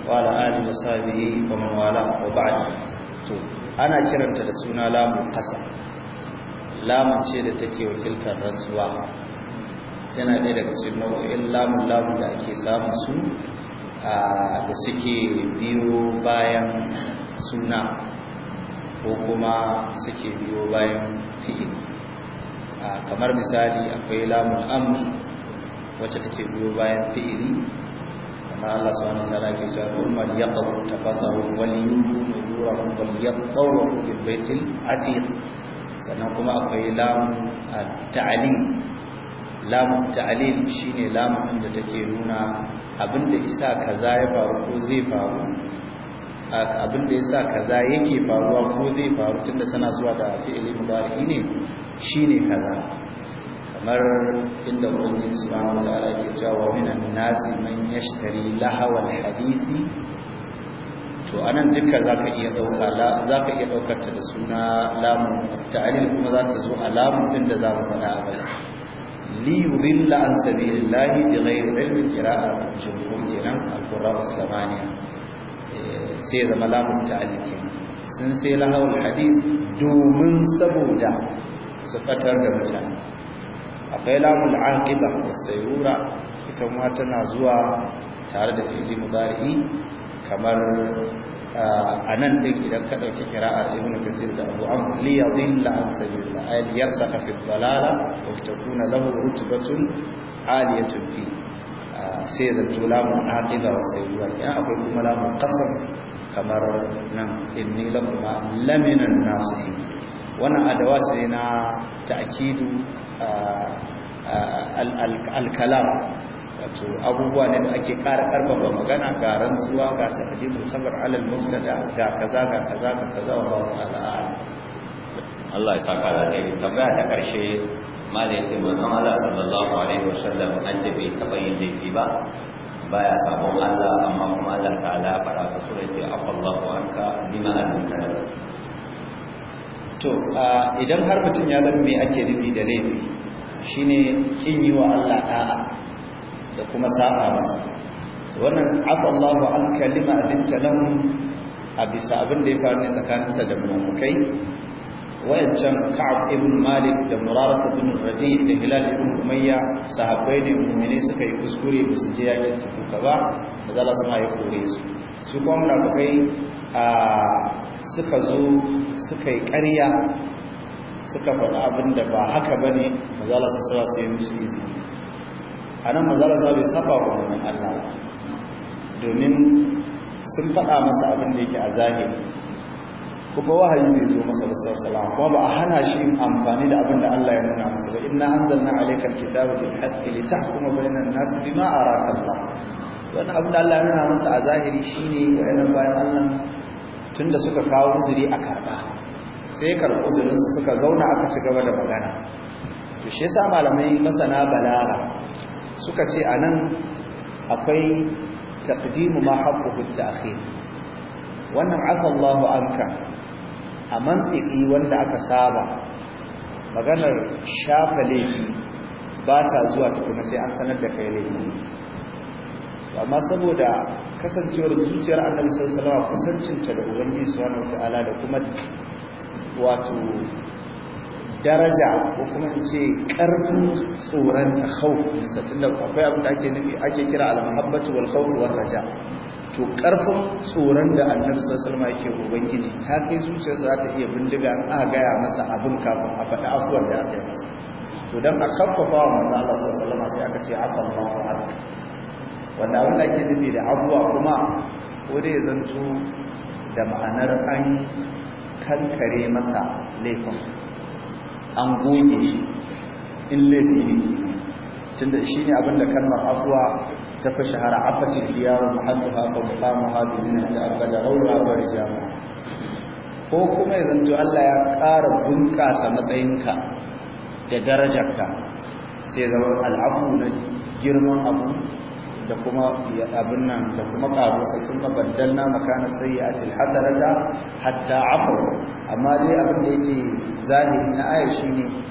wa ala alihi wa sahbihi wa man wala wa ba'd to ana kiranta da suna lamu kasa lamu ce da take wakiltar rantsuwa yana ɗaya daga cikin nau'in lamun-lamun da ake samun su da suke biyo bayan suna ko kuma suke biyo bayan fi'il kamar misali akwai lamun amri wacce take biyo bayan fi'il kamar Allah subhanahu wa ta'ala ke cewa umman yaqabu tafaqahu wal yudu nurahum wal yaqawu bil baitil atiq sannan kuma akwai lamun ta'ali lamun ta'alil shine lamun da take nuna abinda isa kaza ya faru ko zai faru abinda isa kaza yake faruwa ko zai faru tunda tana zuwa da fi'ili mudari ne shine kaza kamar inda Ubangiji subhanahu wa ta'ala ke cewa minan nasi man yashtari lahawal hadisi to anan duka zaka iya dauka zaka iya daukar ta da suna lamun ta'alil kuma za ta zo a lamun din da za mu fada a gaba li yudilla an sabilillahi bi ghairi ilmin qira'a jumhur kenan al-qurra samaniya sai zama lamun ta'aliki sun sai lahawul hadis domin saboda su fatar da mutane akwai lamun aqiba wasayura ita ma tana zuwa tare da fi'li mudari'i kamar a nan din idan ka ɗauki kira'ar ibn kasir da abu amr li yadilla an sabilillah ay yarsaka fi dhalala wa takuna lahu rutbatun aliyatun fi sai da tulamun aqida wa sayyida ya akwai kuma lamun qasam kamar nan inni lakum laminan nasihin Wani adawa sai na ta'kidu al-kalam wato abubuwa ne da ake ƙara ƙarfafa magana ga rantsuwa ga taqdimu sabar alal mubtada ga kaza ga kaza ga kaza wa Allah ta'ala Allah ya saka da kai tambaya ta karshe malai ce manzon Allah sallallahu alaihi wasallam an ce bai taba yin laifi ba baya sabon Allah amma kuma Allah ta'ala fara su sura ce afallahu anka lima alimta to idan har mutum ya zama me ake nufi da laifi shine kin yi wa Allah ta'ala da kuma saba masa wannan afallahu an kalima adinta lahum a bisa abin da ya faru ne tsakaninsa da munafukai wayancan ka'ab ibn malik da murarat ibn rabi da hilal ibn umayya sahabbai ne mu'mini suka yi kuskure da su je yakin ka ba da suna ya kore su su kuma munafukai a suka zo suka yi ƙarya suka faɗa abin da ba haka bane da zalla su sa su yi musu izini a nan maza sa bai saba wa domin Allah domin sun faɗa masa abin da yake a zahiri kuma wahayi ne zo masa rasul sallallahu kuma ba a hana shi yin amfani da abin da Allah ya nuna masa ba inna anzalna alaykal kitaba bil haqqi litahkuma bainan nas bima araka Allah wannan abin da Allah ya nuna masa a zahiri shine wannan bayan Allah tunda suka kawo uzuri a karba sai karɓi uzurin su suka zauna aka ci gaba da magana to shi yasa malamai masana balaga suka ce a nan akwai taqdimu ma haƙƙuhu ta'khir wannan afa Allahu anka a mantiki wanda aka saba maganar shafa laifi ba ta zuwa tukuna sai an sanar da kai laifi amma saboda kasancewar zuciyar annabi sallallahu alaihi wasallam kusancinta da ubangiji subhanahu ta'ala da kuma wato daraja ko kuma in ce ƙarfin tsoronsa khaufinsa sa tunda akwai abin da ake nufi ake kira almahabbatu wal khawf raja to ƙarfin tsoron da annabi sallallahu alaihi yake ubangiji ta kai zuciyarsa za ta iya bindiga an gaya masa abin kafin a faɗi afuwar da aka yi masa to dan a kaffafa wa manzo Allah sallallahu sai aka ce afa Allahu anka wanda abin da ake nufi da abuwa kuma ko dai zanto da ma'anar an kankare masa laifin an goge shi in laifi ne tunda shi ne abinda kalmar afuwa ta fi shahara afatin diyaru muhalluha ko muqamu ne da aka da a bari jama'a. ko kuma ya zanto Allah ya ƙara bunƙasa matsayinka da darajarka sai zama al'abu na girman abu da kuma abin nan da kuma ƙaru sai sun mabaddal na makana sayyi'atil da hatta afu amma dai abin da yake zahiri na aya shine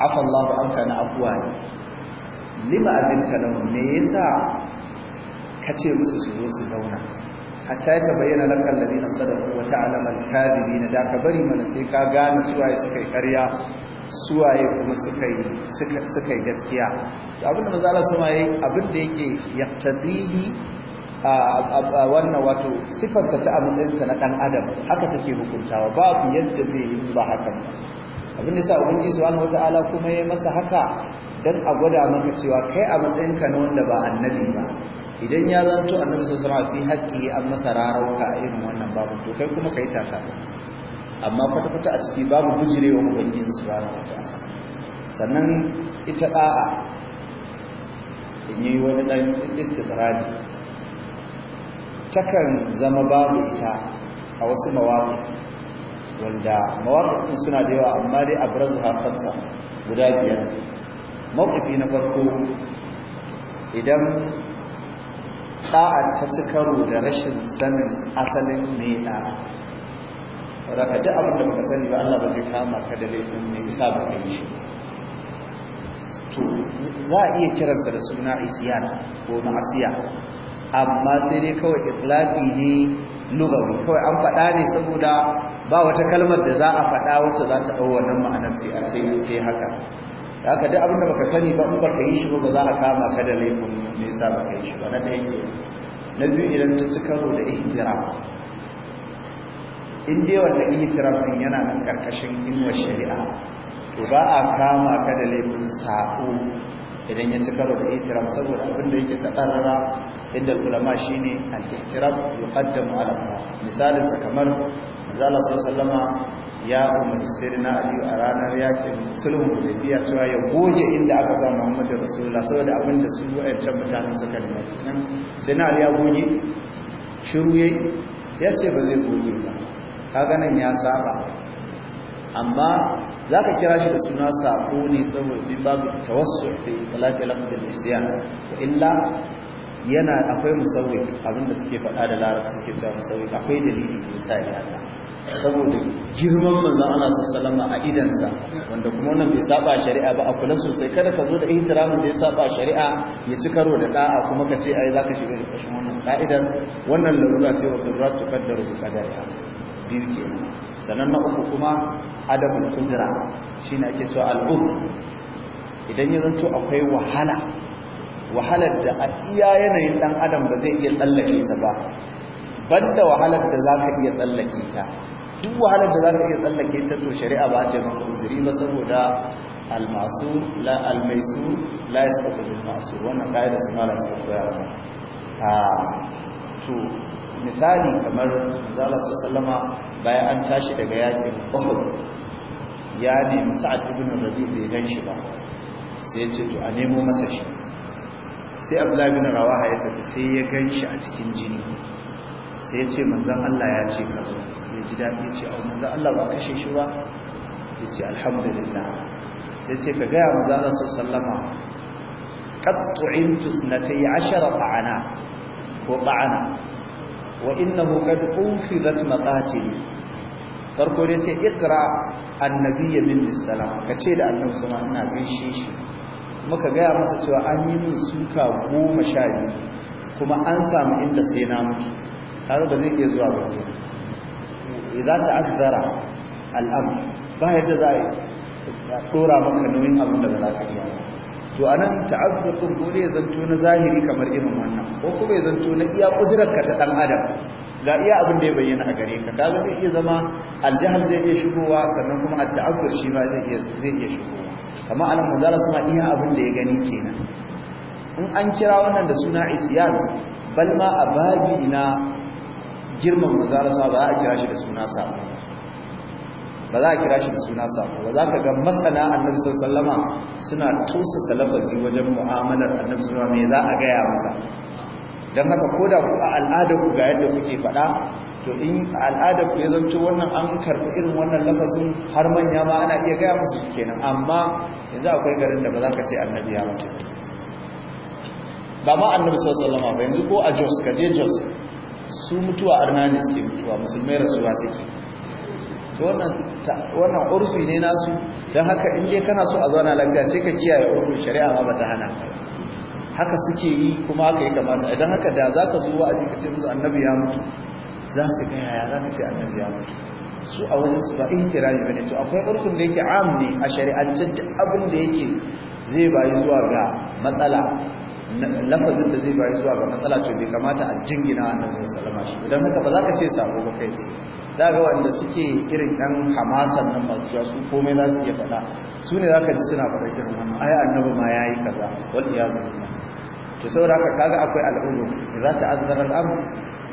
afa Allahu anka na afwa lima azinta lahum me yasa kace musu su zo su zauna hatta ka bayyana laka alladhina sadaqu wata ta'lamu al-kadhibina da ka bari mana sai ka gane su suka yi ƙarya suwaye kuma suka yi gaskiya abinda mazala sama yi abinda yake tabihi a wannan wato sifarsa ta amincinsa na ɗan adam haka take hukuntawa babu yadda zai yi ba hakan abin da sa ubangiji subhanahu wataala kuma ya masa haka don a gwada maka cewa kai a matsayinka na wanda ba annabi ba idan ya zanto annabi su alaihi fi haƙƙi an masa rarauka irin wannan babu to kai kuma ka yi tasa. amma fata fata a ciki babu bujirewa ubangiji subhanahu wataala sannan ita da'a in yi wani dan istiqrari takan zama babu ita a wasu mawaƙi wanda mawaƙin suna da yawa amma dai a bar zuwa guda biyar mawaƙi na farko idan da'a ta ci karo da rashin sanin asalin mai da'a za ka ji abin da baka sani ba Allah ba zai kama ka da laifin mai isa ba kai shi to za a iya kiransa da suna isyan ko ma'asiya amma sai dai kawai itlaqi ne lugawi kawai an faɗa ne saboda ba wata kalmar da za a faɗa wacce za ta ɗau wannan ma'anar sai sai sai haka haka duk abin da baka sani ba in baka yi shi ba za a kama ka da laifin mai isa ba kai shi ba na ɗaya na biyu idan ta ci da ihtira in dai wannan ihtiram yana nan karkashin inuwar shari'a to ba a kama ka da laifin sako idan ya ci karo da ihtiram saboda abin da yake takarrara inda ulama shine al-ihtiram yuqaddamu ala Allah misalin sa kamar zalla sallama ya umarci sirna aliyu a ranar yakin sulhun hudaybiya cewa ya goge inda aka sa Muhammadu Rasulullah saboda abin da su can mutanen suka nuna nan sai na ya goge shiru yayi ya ce ba zai goge ba kaga nan ya saba amma za ka kira shi da suna sako ne saboda bin babu tawassu fi talafi lafdil isyan wa illa yana akwai musawwi abinda suke faɗa da larabci suke cewa musawwi akwai dalili da yasa ya haka saboda girman manzon Allah sallallahu alaihi a idansa wanda kuma wannan bai saba shari'a ba a kula sosai kada ka zo da ihtiramin da ya saba shari'a ya ci karo da da'a kuma ka ce ai zaka shiga da kashin wannan ka'idar wannan larura ce wa qudrat tuqaddaru bi qadariha biyu ke sannan na uku kuma adabul shi shine ake cewa al'udhr idan ya zanto akwai wahala wahalar da a iya yanayin dan adam ba zai iya tsallake ta ba banda wahalar da zaka iya tsallake ta duk wahalar da zaka iya tsallake ta to shari'a ba ta maka uzuri ba saboda almasu la almaisu la yasqutu bil masur wannan kaida su mala su koyarwa ah, to misali kamar zala salama bayan an tashi daga yakin uhud ya nemi sa'ad ibn rabi bai gan shi ba sai ce to a nemo masa shi sai abdullahi bin rawaha ya tafi sai ya gan shi a cikin jini sai ya ce manzan Allah ya ce ka zo sai ji daɗi ce a manzon Allah ba kashe shi ba ya ce alhamdulillah sai ce ka gaya manzon Allah sallama qad tu'intu 12 ta'ana ko ta'ana wa innahu qad unfidat maqatili farko dai ce ikra annabiyya min salam kace da annabi sama ina gaishe shi muka gaya masa cewa an yi min suka goma sha biyu kuma an samu inda sai na mutu har ba zai iya zuwa ba ke idan ta azzara al'am ba yadda za a dora maka nauyin abin da ba za ka iya to anan ta'azzufin ko ya zanto na zahiri kamar irin wannan ko kuma ya zanto na iya kudurarka ta dan adam ga iya abin da ya bayyana a gare ka kaga zai iya zama aljahal zai iya shigowa sannan kuma at shi ma zai iya zai iya shigowa kamar anan manzala suna iya abin da ya gani kenan in an kira wannan da suna isyan bal ma a babi girman manzala sa ba a kira shi da suna sa. ba za a kira shi da suna sako ba za ka ga masana annabi sallama suna tusa salafazi wajen mu'amalar annabi sallama me za a gaya masa don haka ko da ku a al'adar ku ga yadda kuke faɗa to in al'adar ku ya zanto wannan an karɓi irin wannan lafazin har manya ma ana iya gaya musu kenan amma yanzu akwai garin da ba za ka ce annabi ya mutu ba ma annabi sallama ba yanzu ko a jos ka je jos su mutuwa arnani suke mutuwa musulmai rasuwa suke to wannan urfi ne nasu don haka inje dai kana so a zauna lafiya sai ka kiyaye urfin shari'a ma ta hana haka suke yi kuma haka ya kamata idan haka da za ka zo a jikace musu annabi ya mutu za su ga yaya za ka ce annabi ya mutu su a wajen su ba ne bane to akwai urfin da yake am ne a shari'ance duk abin da yake zai bayi zuwa ga matsala lafazin da zai bari zuwa ga matsala to bai kamata a jingina annabi sallallahu salama shi idan haka ba za ka ce sabo ba kai sai za ga wanda suke irin dan hamasan nan masu jiya su komai za su iya faɗa su ne za ka ji suna faɗa irin wannan ai annabi ma yayi kaza wal iyadu to saboda haka kaga akwai al'ulum idza ta'azzara al'amr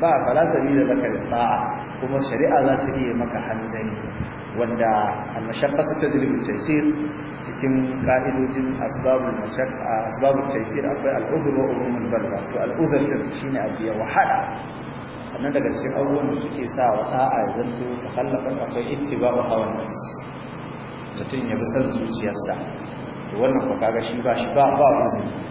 ba da zaka da ta'a kuma shari'a za ta iya maka hanzari wanda al-mashaqqatu tajlibu al-taysir cikin ka'idojin asbabul mashaqqa asbabul taysir akwai al-udhr wa al balwa to al-udhr din shine abiya wa wahala sannan daga cikin abubuwan da suke sa wa ta'a ya zanto ta khallafa akwai ittiba'u hawan nas mutum ya bi san zuciyarsa to wannan ba kaga shi ba shi ba ba uzuri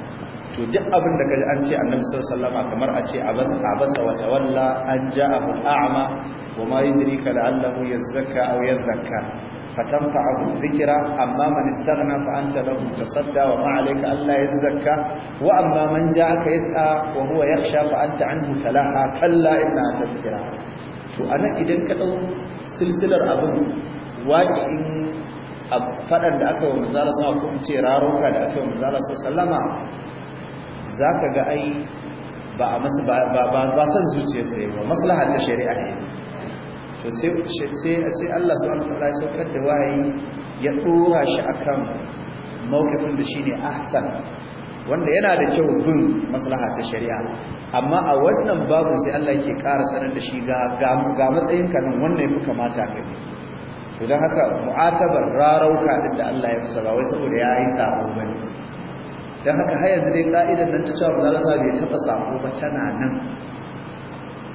to duk abin da kaji an ce annabi sallallahu alaihi kamar a ce abasa wa tawalla an ja'ahu al'ama wa ma yudrika la'allahu yazzakka aw yazzakka fatanfa'ahu dhikra amma man istaghna fa anta lahu tasadda wa ma alayka alla yazzakka wa amma man ja'aka yas'a wa huwa yakhsha fa anta anhu talaha kalla inna tadhkira to anan idan ka dau silsilar abin waqi'in fadan da aka yi wa manzala sa ko in ce raruka da aka yi wa manzala sallama za ka ga ai ba ba san zuciya sai ba maslaha ta shari'a ne to sai Allah subhanahu wa ta'ala ya saukar da wahayi ya dora shi akan mawkifin da shine ahsan wanda yana da kyau bin maslaha ta shari'a amma a wannan babu sai Allah yake ƙara sanar da shi ga ga matsayin ka nan wannan yafi kamata ka bi to dan haka mu'atabar rarauka din da Allah ya fi ba wai saboda ya yi sabo bane don haka har zai dai ka'idar nan ta cewa a bai taɓa sako ba tana nan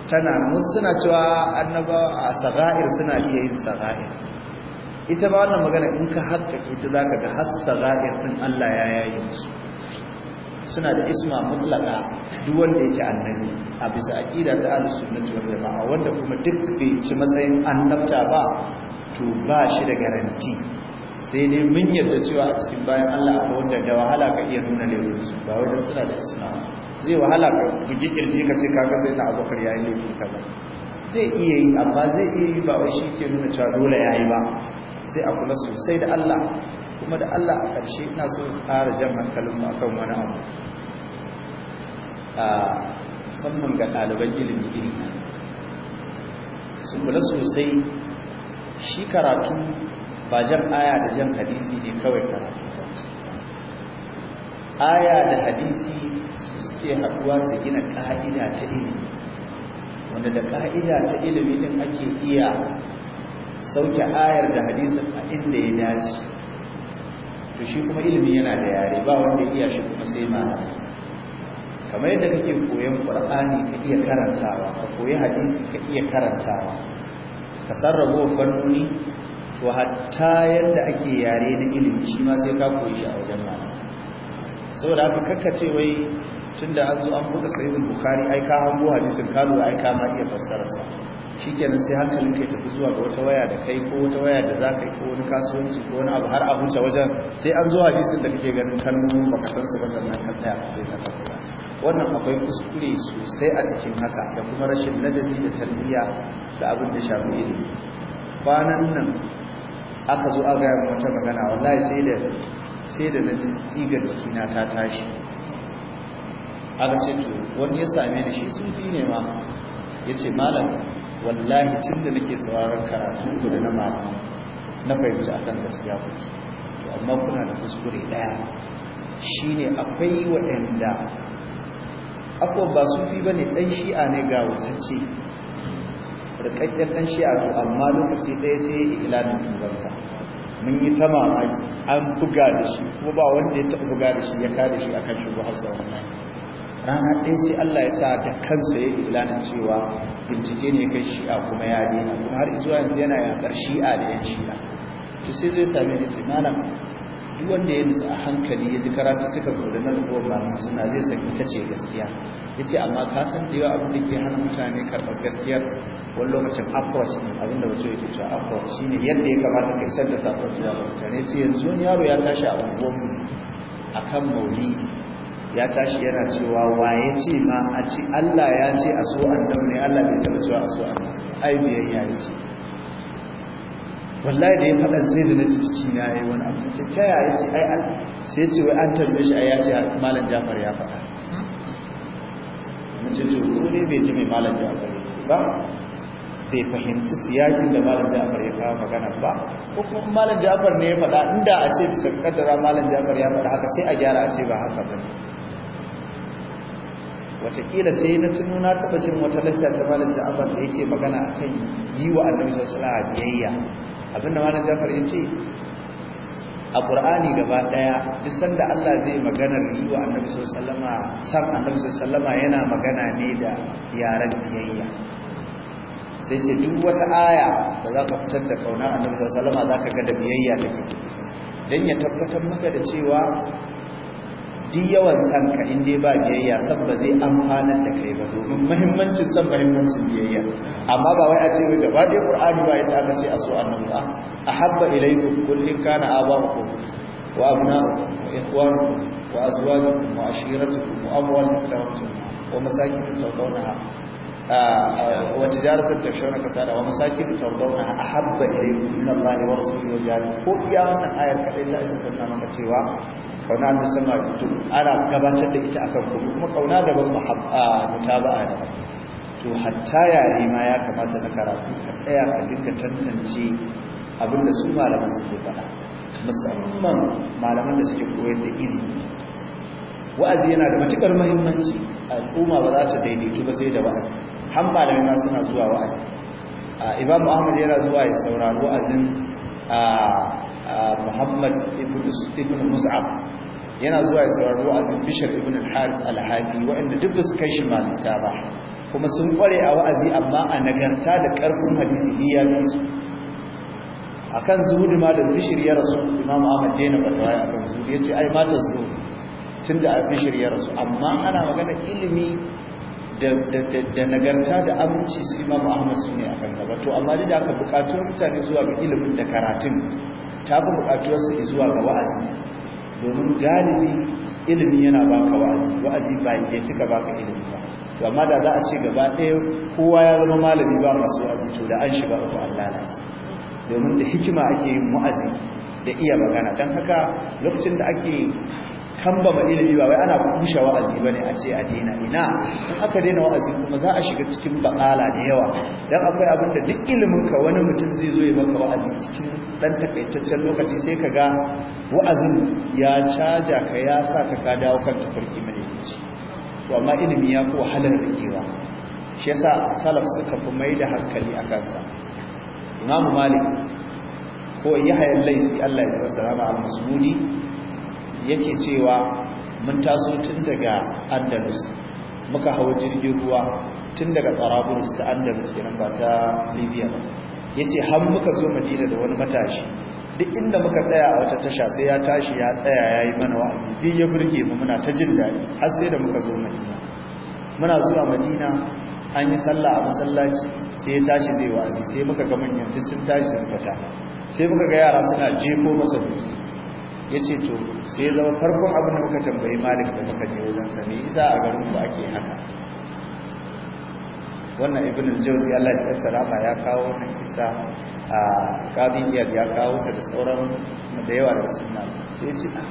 tana musu suna cewa annaba a saga'ir suna iya yin saga'ir ita ba wannan magana in ka haka ita za ka ga har saga'ir ɗin Allah ya yayi musu suna da isma mutlaka duk wanda yake annabi a bisa aqida ta al-sunnah wal jamaa wanda kuma duk bai ci matsayin annabta ba to ba shi da garanti sai dai mun yarda cewa a cikin bayan Allah akwai wanda da wahala ka iya nuna laifin su ba wai suna da suna zai wahala ka bugi kirji ka ce kaga sai na abokar yayi laifin kaza zai iya yi amma zai iya yi ba wai shi ke nuna cewa dole yayi ba sai a kula sosai da Allah kuma da Allah a ƙarshe ina so ƙara jan hankalin mu akan wani abu a ah, musamman ga ɗaliban ilimi ilimi su kula sosai shi karatu ba jan aya da jan hadisi ne kawai karatu aya da hadisi su suke haɗuwa su gina ƙa'ida ta ilimi wanda da ƙa'ida ta ilimi din ake iya sauke ayar da hadisin a inda ya dace to shi kuma ilimi yana da yare ba wanda iya shi kuma sai malami kamar yadda kake koyon qur'ani ka iya karantawa ka koyi hadisi ka iya karantawa ka sarrafa fannoni to hatta yadda ake yare na ilimi shi ma sai ka koyi shi a wajen malam saboda haka ce wai tunda an zo an buɗe sahihul bukhari ai ka hango hadisin ka lura ai ka ma iya fassara sa shikenan sai hankalin kai tafi zuwa ga wata waya da kai ko wata waya da za ka yi ko wani kasuwanci ko wani abu har a huce wajen sai an zo hadisin da kake ganin ba baka san su ba sannan kan tsaya ka sai ka wannan akwai kuskure sosai a cikin haka da kuma rashin ladabi da tarbiyya da abin da shafi ilimi kwanan nan aka zo aka yi wata magana wallahi sai da sai da tsigar tsiga jikina ta tashi aka ce to wani ya same ni shi sufi ne ma ya ce malam wallahi tun da nake sauraron karatu guda da na malam na fahimci akan gaskiya kuke to amma kuna da kuskure daya ne akwai waɗanda akwai ba sufi ne dan shi'a ne ga ce. rikakken dan shi a amma lokaci ɗaya sai ya ilamin tubansa mun yi ta mamaki an buga da shi kuma ba wanda ya taɓa buga da shi ya kada shi akan shugo buhar sa wannan rana ɗaya sai Allah ya sa da kansa ya ilanin cewa bincike ne kai shi'a kuma ya daina kuma har zuwa yanzu yana yaƙar shi'a da yan shi'a to sai zai same ni ce malam duk wanda ya nisa a hankali ya ji karatu cika gudu na rubuwar ba suna zai san ta ce gaskiya ya ce amma ka san da yawa abin da ke hana mutane karɓar gaskiyar wani lokacin afuwa ne abin da mutum yake cewa afuwa shi ne yadda ya kamata ka isar da sakon zuwa mutane ce yanzu wani yaro ya tashi a unguwanmu a kan maulidi ya tashi yana cewa waye ce ma a ci allah ya ce a so an daune allah bai taɓa cewa a so an ai biyayya ya ce wallahi da ya faɗa zai zina ciki na yayi wani abu ce ta yaya ce ai al-. sai ya ce wai an tarbe shi ai ya ce malam Jafar ya faɗa mun ce to ko ne bai ji mai malam Jafar ya ce ba bai fahimci siyakin da malam Jafar ya kawo magana ba ko kuma malam Jafar ne ya faɗa inda a ce bisa kaddara malam Jafar ya faɗa haka sai a gyara a ce ba haka ba watakila sai na tuno na taɓa cin wata lantarki ta malam Jafar da yake magana akan yi wa annabi sallallahu alaihi wasallam biyayya abinda wani jafar ya ce a ƙur'ani gaba ɗaya duk sanda Allah zai maganar yi wa annabi sallama san annabi sallama yana magana ne da yaren biyayya sai ce duk wata aya da za ka fitar da kaunar annabi sallama za ka ga da biyayya take don ya tabbatar maka da cewa duk yawan san ka in dai ba biyayya san ba zai amfanar da kai ba domin muhimmancin san muhimmancin biyayya amma ba wai a ce wai gaba ɗaya qur'ani ba yadda aka ce a so nan ba A ilai ku kullin kana aba'ukum wa abna'ukum wa ikhwanukum wa azwajukum wa ashiratukum wa amwalukum tawtum wa masakin tawtunaha wa tijaratun tafshawna kasala wa masakin tardawna a ilaykum min Allah wa rasulihi wa jihadin ko iya wannan ayar kadai za isa ta maka cewa kauna da sama to ana gabatar da ita akan ku kuma kauna da ban muhabba mutaba'a da to hatta ma ya kamata na karatu ka tsaya ka tantance su malaman faɗa musamman malaman da suke koyar da izini. wa'azi yana da matukar muhimmanci al'umma ba za ta daidaitu ba sai da wa'azi har da yana suna zuwa wa'azi imam ahmad yana zuwa ya saurari wa'azin muhammad ibn mus'ab yana zuwa ya saurari wa'azin bishar ibn al-haris al-hadi waɗanda duk su kai shi malinta ba kuma sun kware a wa'azi amma a nagarta da ƙarfin hadisi biya su a zuhudu ma da bishir ya rasu imam ahmad daina ya kan zuhudu ya ce ai matan zuhudu tun da bishir ya rasu amma ana magana ilimi da nagarta da aminci su ma ahmad su ne a kan gaba to amma da aka bukatuwar mutane zuwa ga ilimin da karatun ta fi bukatuwar su zuwa ga wa'azi domin galibi ilimi yana ka wa'azi wa'azi ba ya cika ka ilimi ba to amma da za a ce gaba ɗaya kowa ya zama malami ba masu wa'azi to da an shiga uku an lalace domin da hikima ake yin wa'azi da iya magana don haka lokacin da ake kambama ilimi ba wai ana kushe wa'azi bane a ce a daina ina in aka daina wa'azi kuma za a shiga cikin bakala da yawa dan akwai abin da duk ilimin ka wani mutum zai zo ya maka wa'azi cikin dan takaitaccen lokaci sai ka ga wa'azin ya caja ka ya sa ka ka dawo kan tafarki mai yanci to amma ilimi ya fi wahalar rikewa shi yasa salaf suka fi mai da hankali a kansa imamu malik ko yahya laifi Allah ya rasa ma al-musmuni yake cewa mun taso tun daga andalus muka hau jirgin ruwa tun daga tsarabulus ta andalus kenan ba ta libya ba ya ce har muka zo madina da wani matashi duk inda muka tsaya a wata tasha sai ya tashi ya tsaya ya yi mana wa'azi duk ya burge mu muna ta jin daɗi har sai da muka zo madina muna zuwa madina an yi sallah a masallaci sai ya tashi zai wa'azi sai muka ga manyan sun tashi sun fita sai muka ga yara suna jefo masa dutse ya ce to sai zama farkon abin da muka tambayi malik da muka je wajen sami isa a garin ku ake haka wannan ibn al-jawzi Allah ya tsara ya kawo wannan kisa a qadiyar ya kawo ta da sauran da yawa da sunna sai ya ce ah.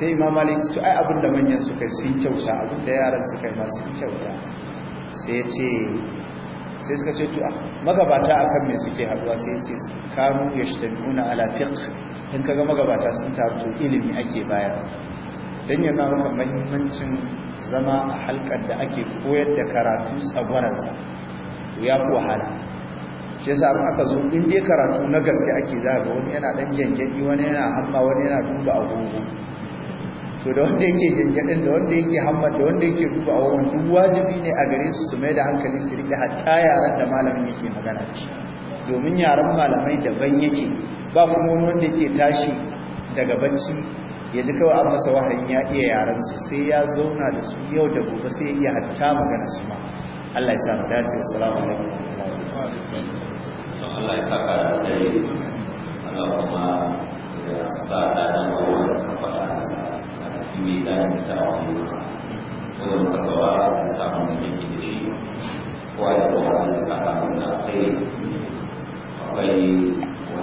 sai imam malik to ai abin da manyan suka sun kyauta abin da yaran suka yi sun kyauta sai ya ce sai suka ce to ah, magabata akan me suke haduwa sai ya ce kanu yashtabuna ala fiqh in ka gama magabata sun taru to ilimi ake bayar don ya na maka mahimmancin zama a halkar da ake koyar da karatu tsagwaransa ya fi wahala shi yasa abin aka zo in dai karatu na gaske ake za ga wani yana dan gyangyani wani yana hamma wani yana duba agogo to da wanda yake gyangyadin da wanda yake hamma da wanda yake duba agogo duk wajibi ne a gare su su mai da hankali su riƙe hatta yaran da malamin yake magana da shi domin yaran malamai daban yake ba kuma wani wanda ke tashi daga bacci ya ji kawai an masa wahayin ya iya yaren su sai ya zauna da su yau da gobe sai ya hatta magana su ma Allah ya sa mu dace assalamu alaikum Allah ya sa ka da dai Allah kuma ya sa da nan wannan da sa a cikin mizanin da wani wannan kasawa da samu da yake da shi ko ya da sa ka da kai akwai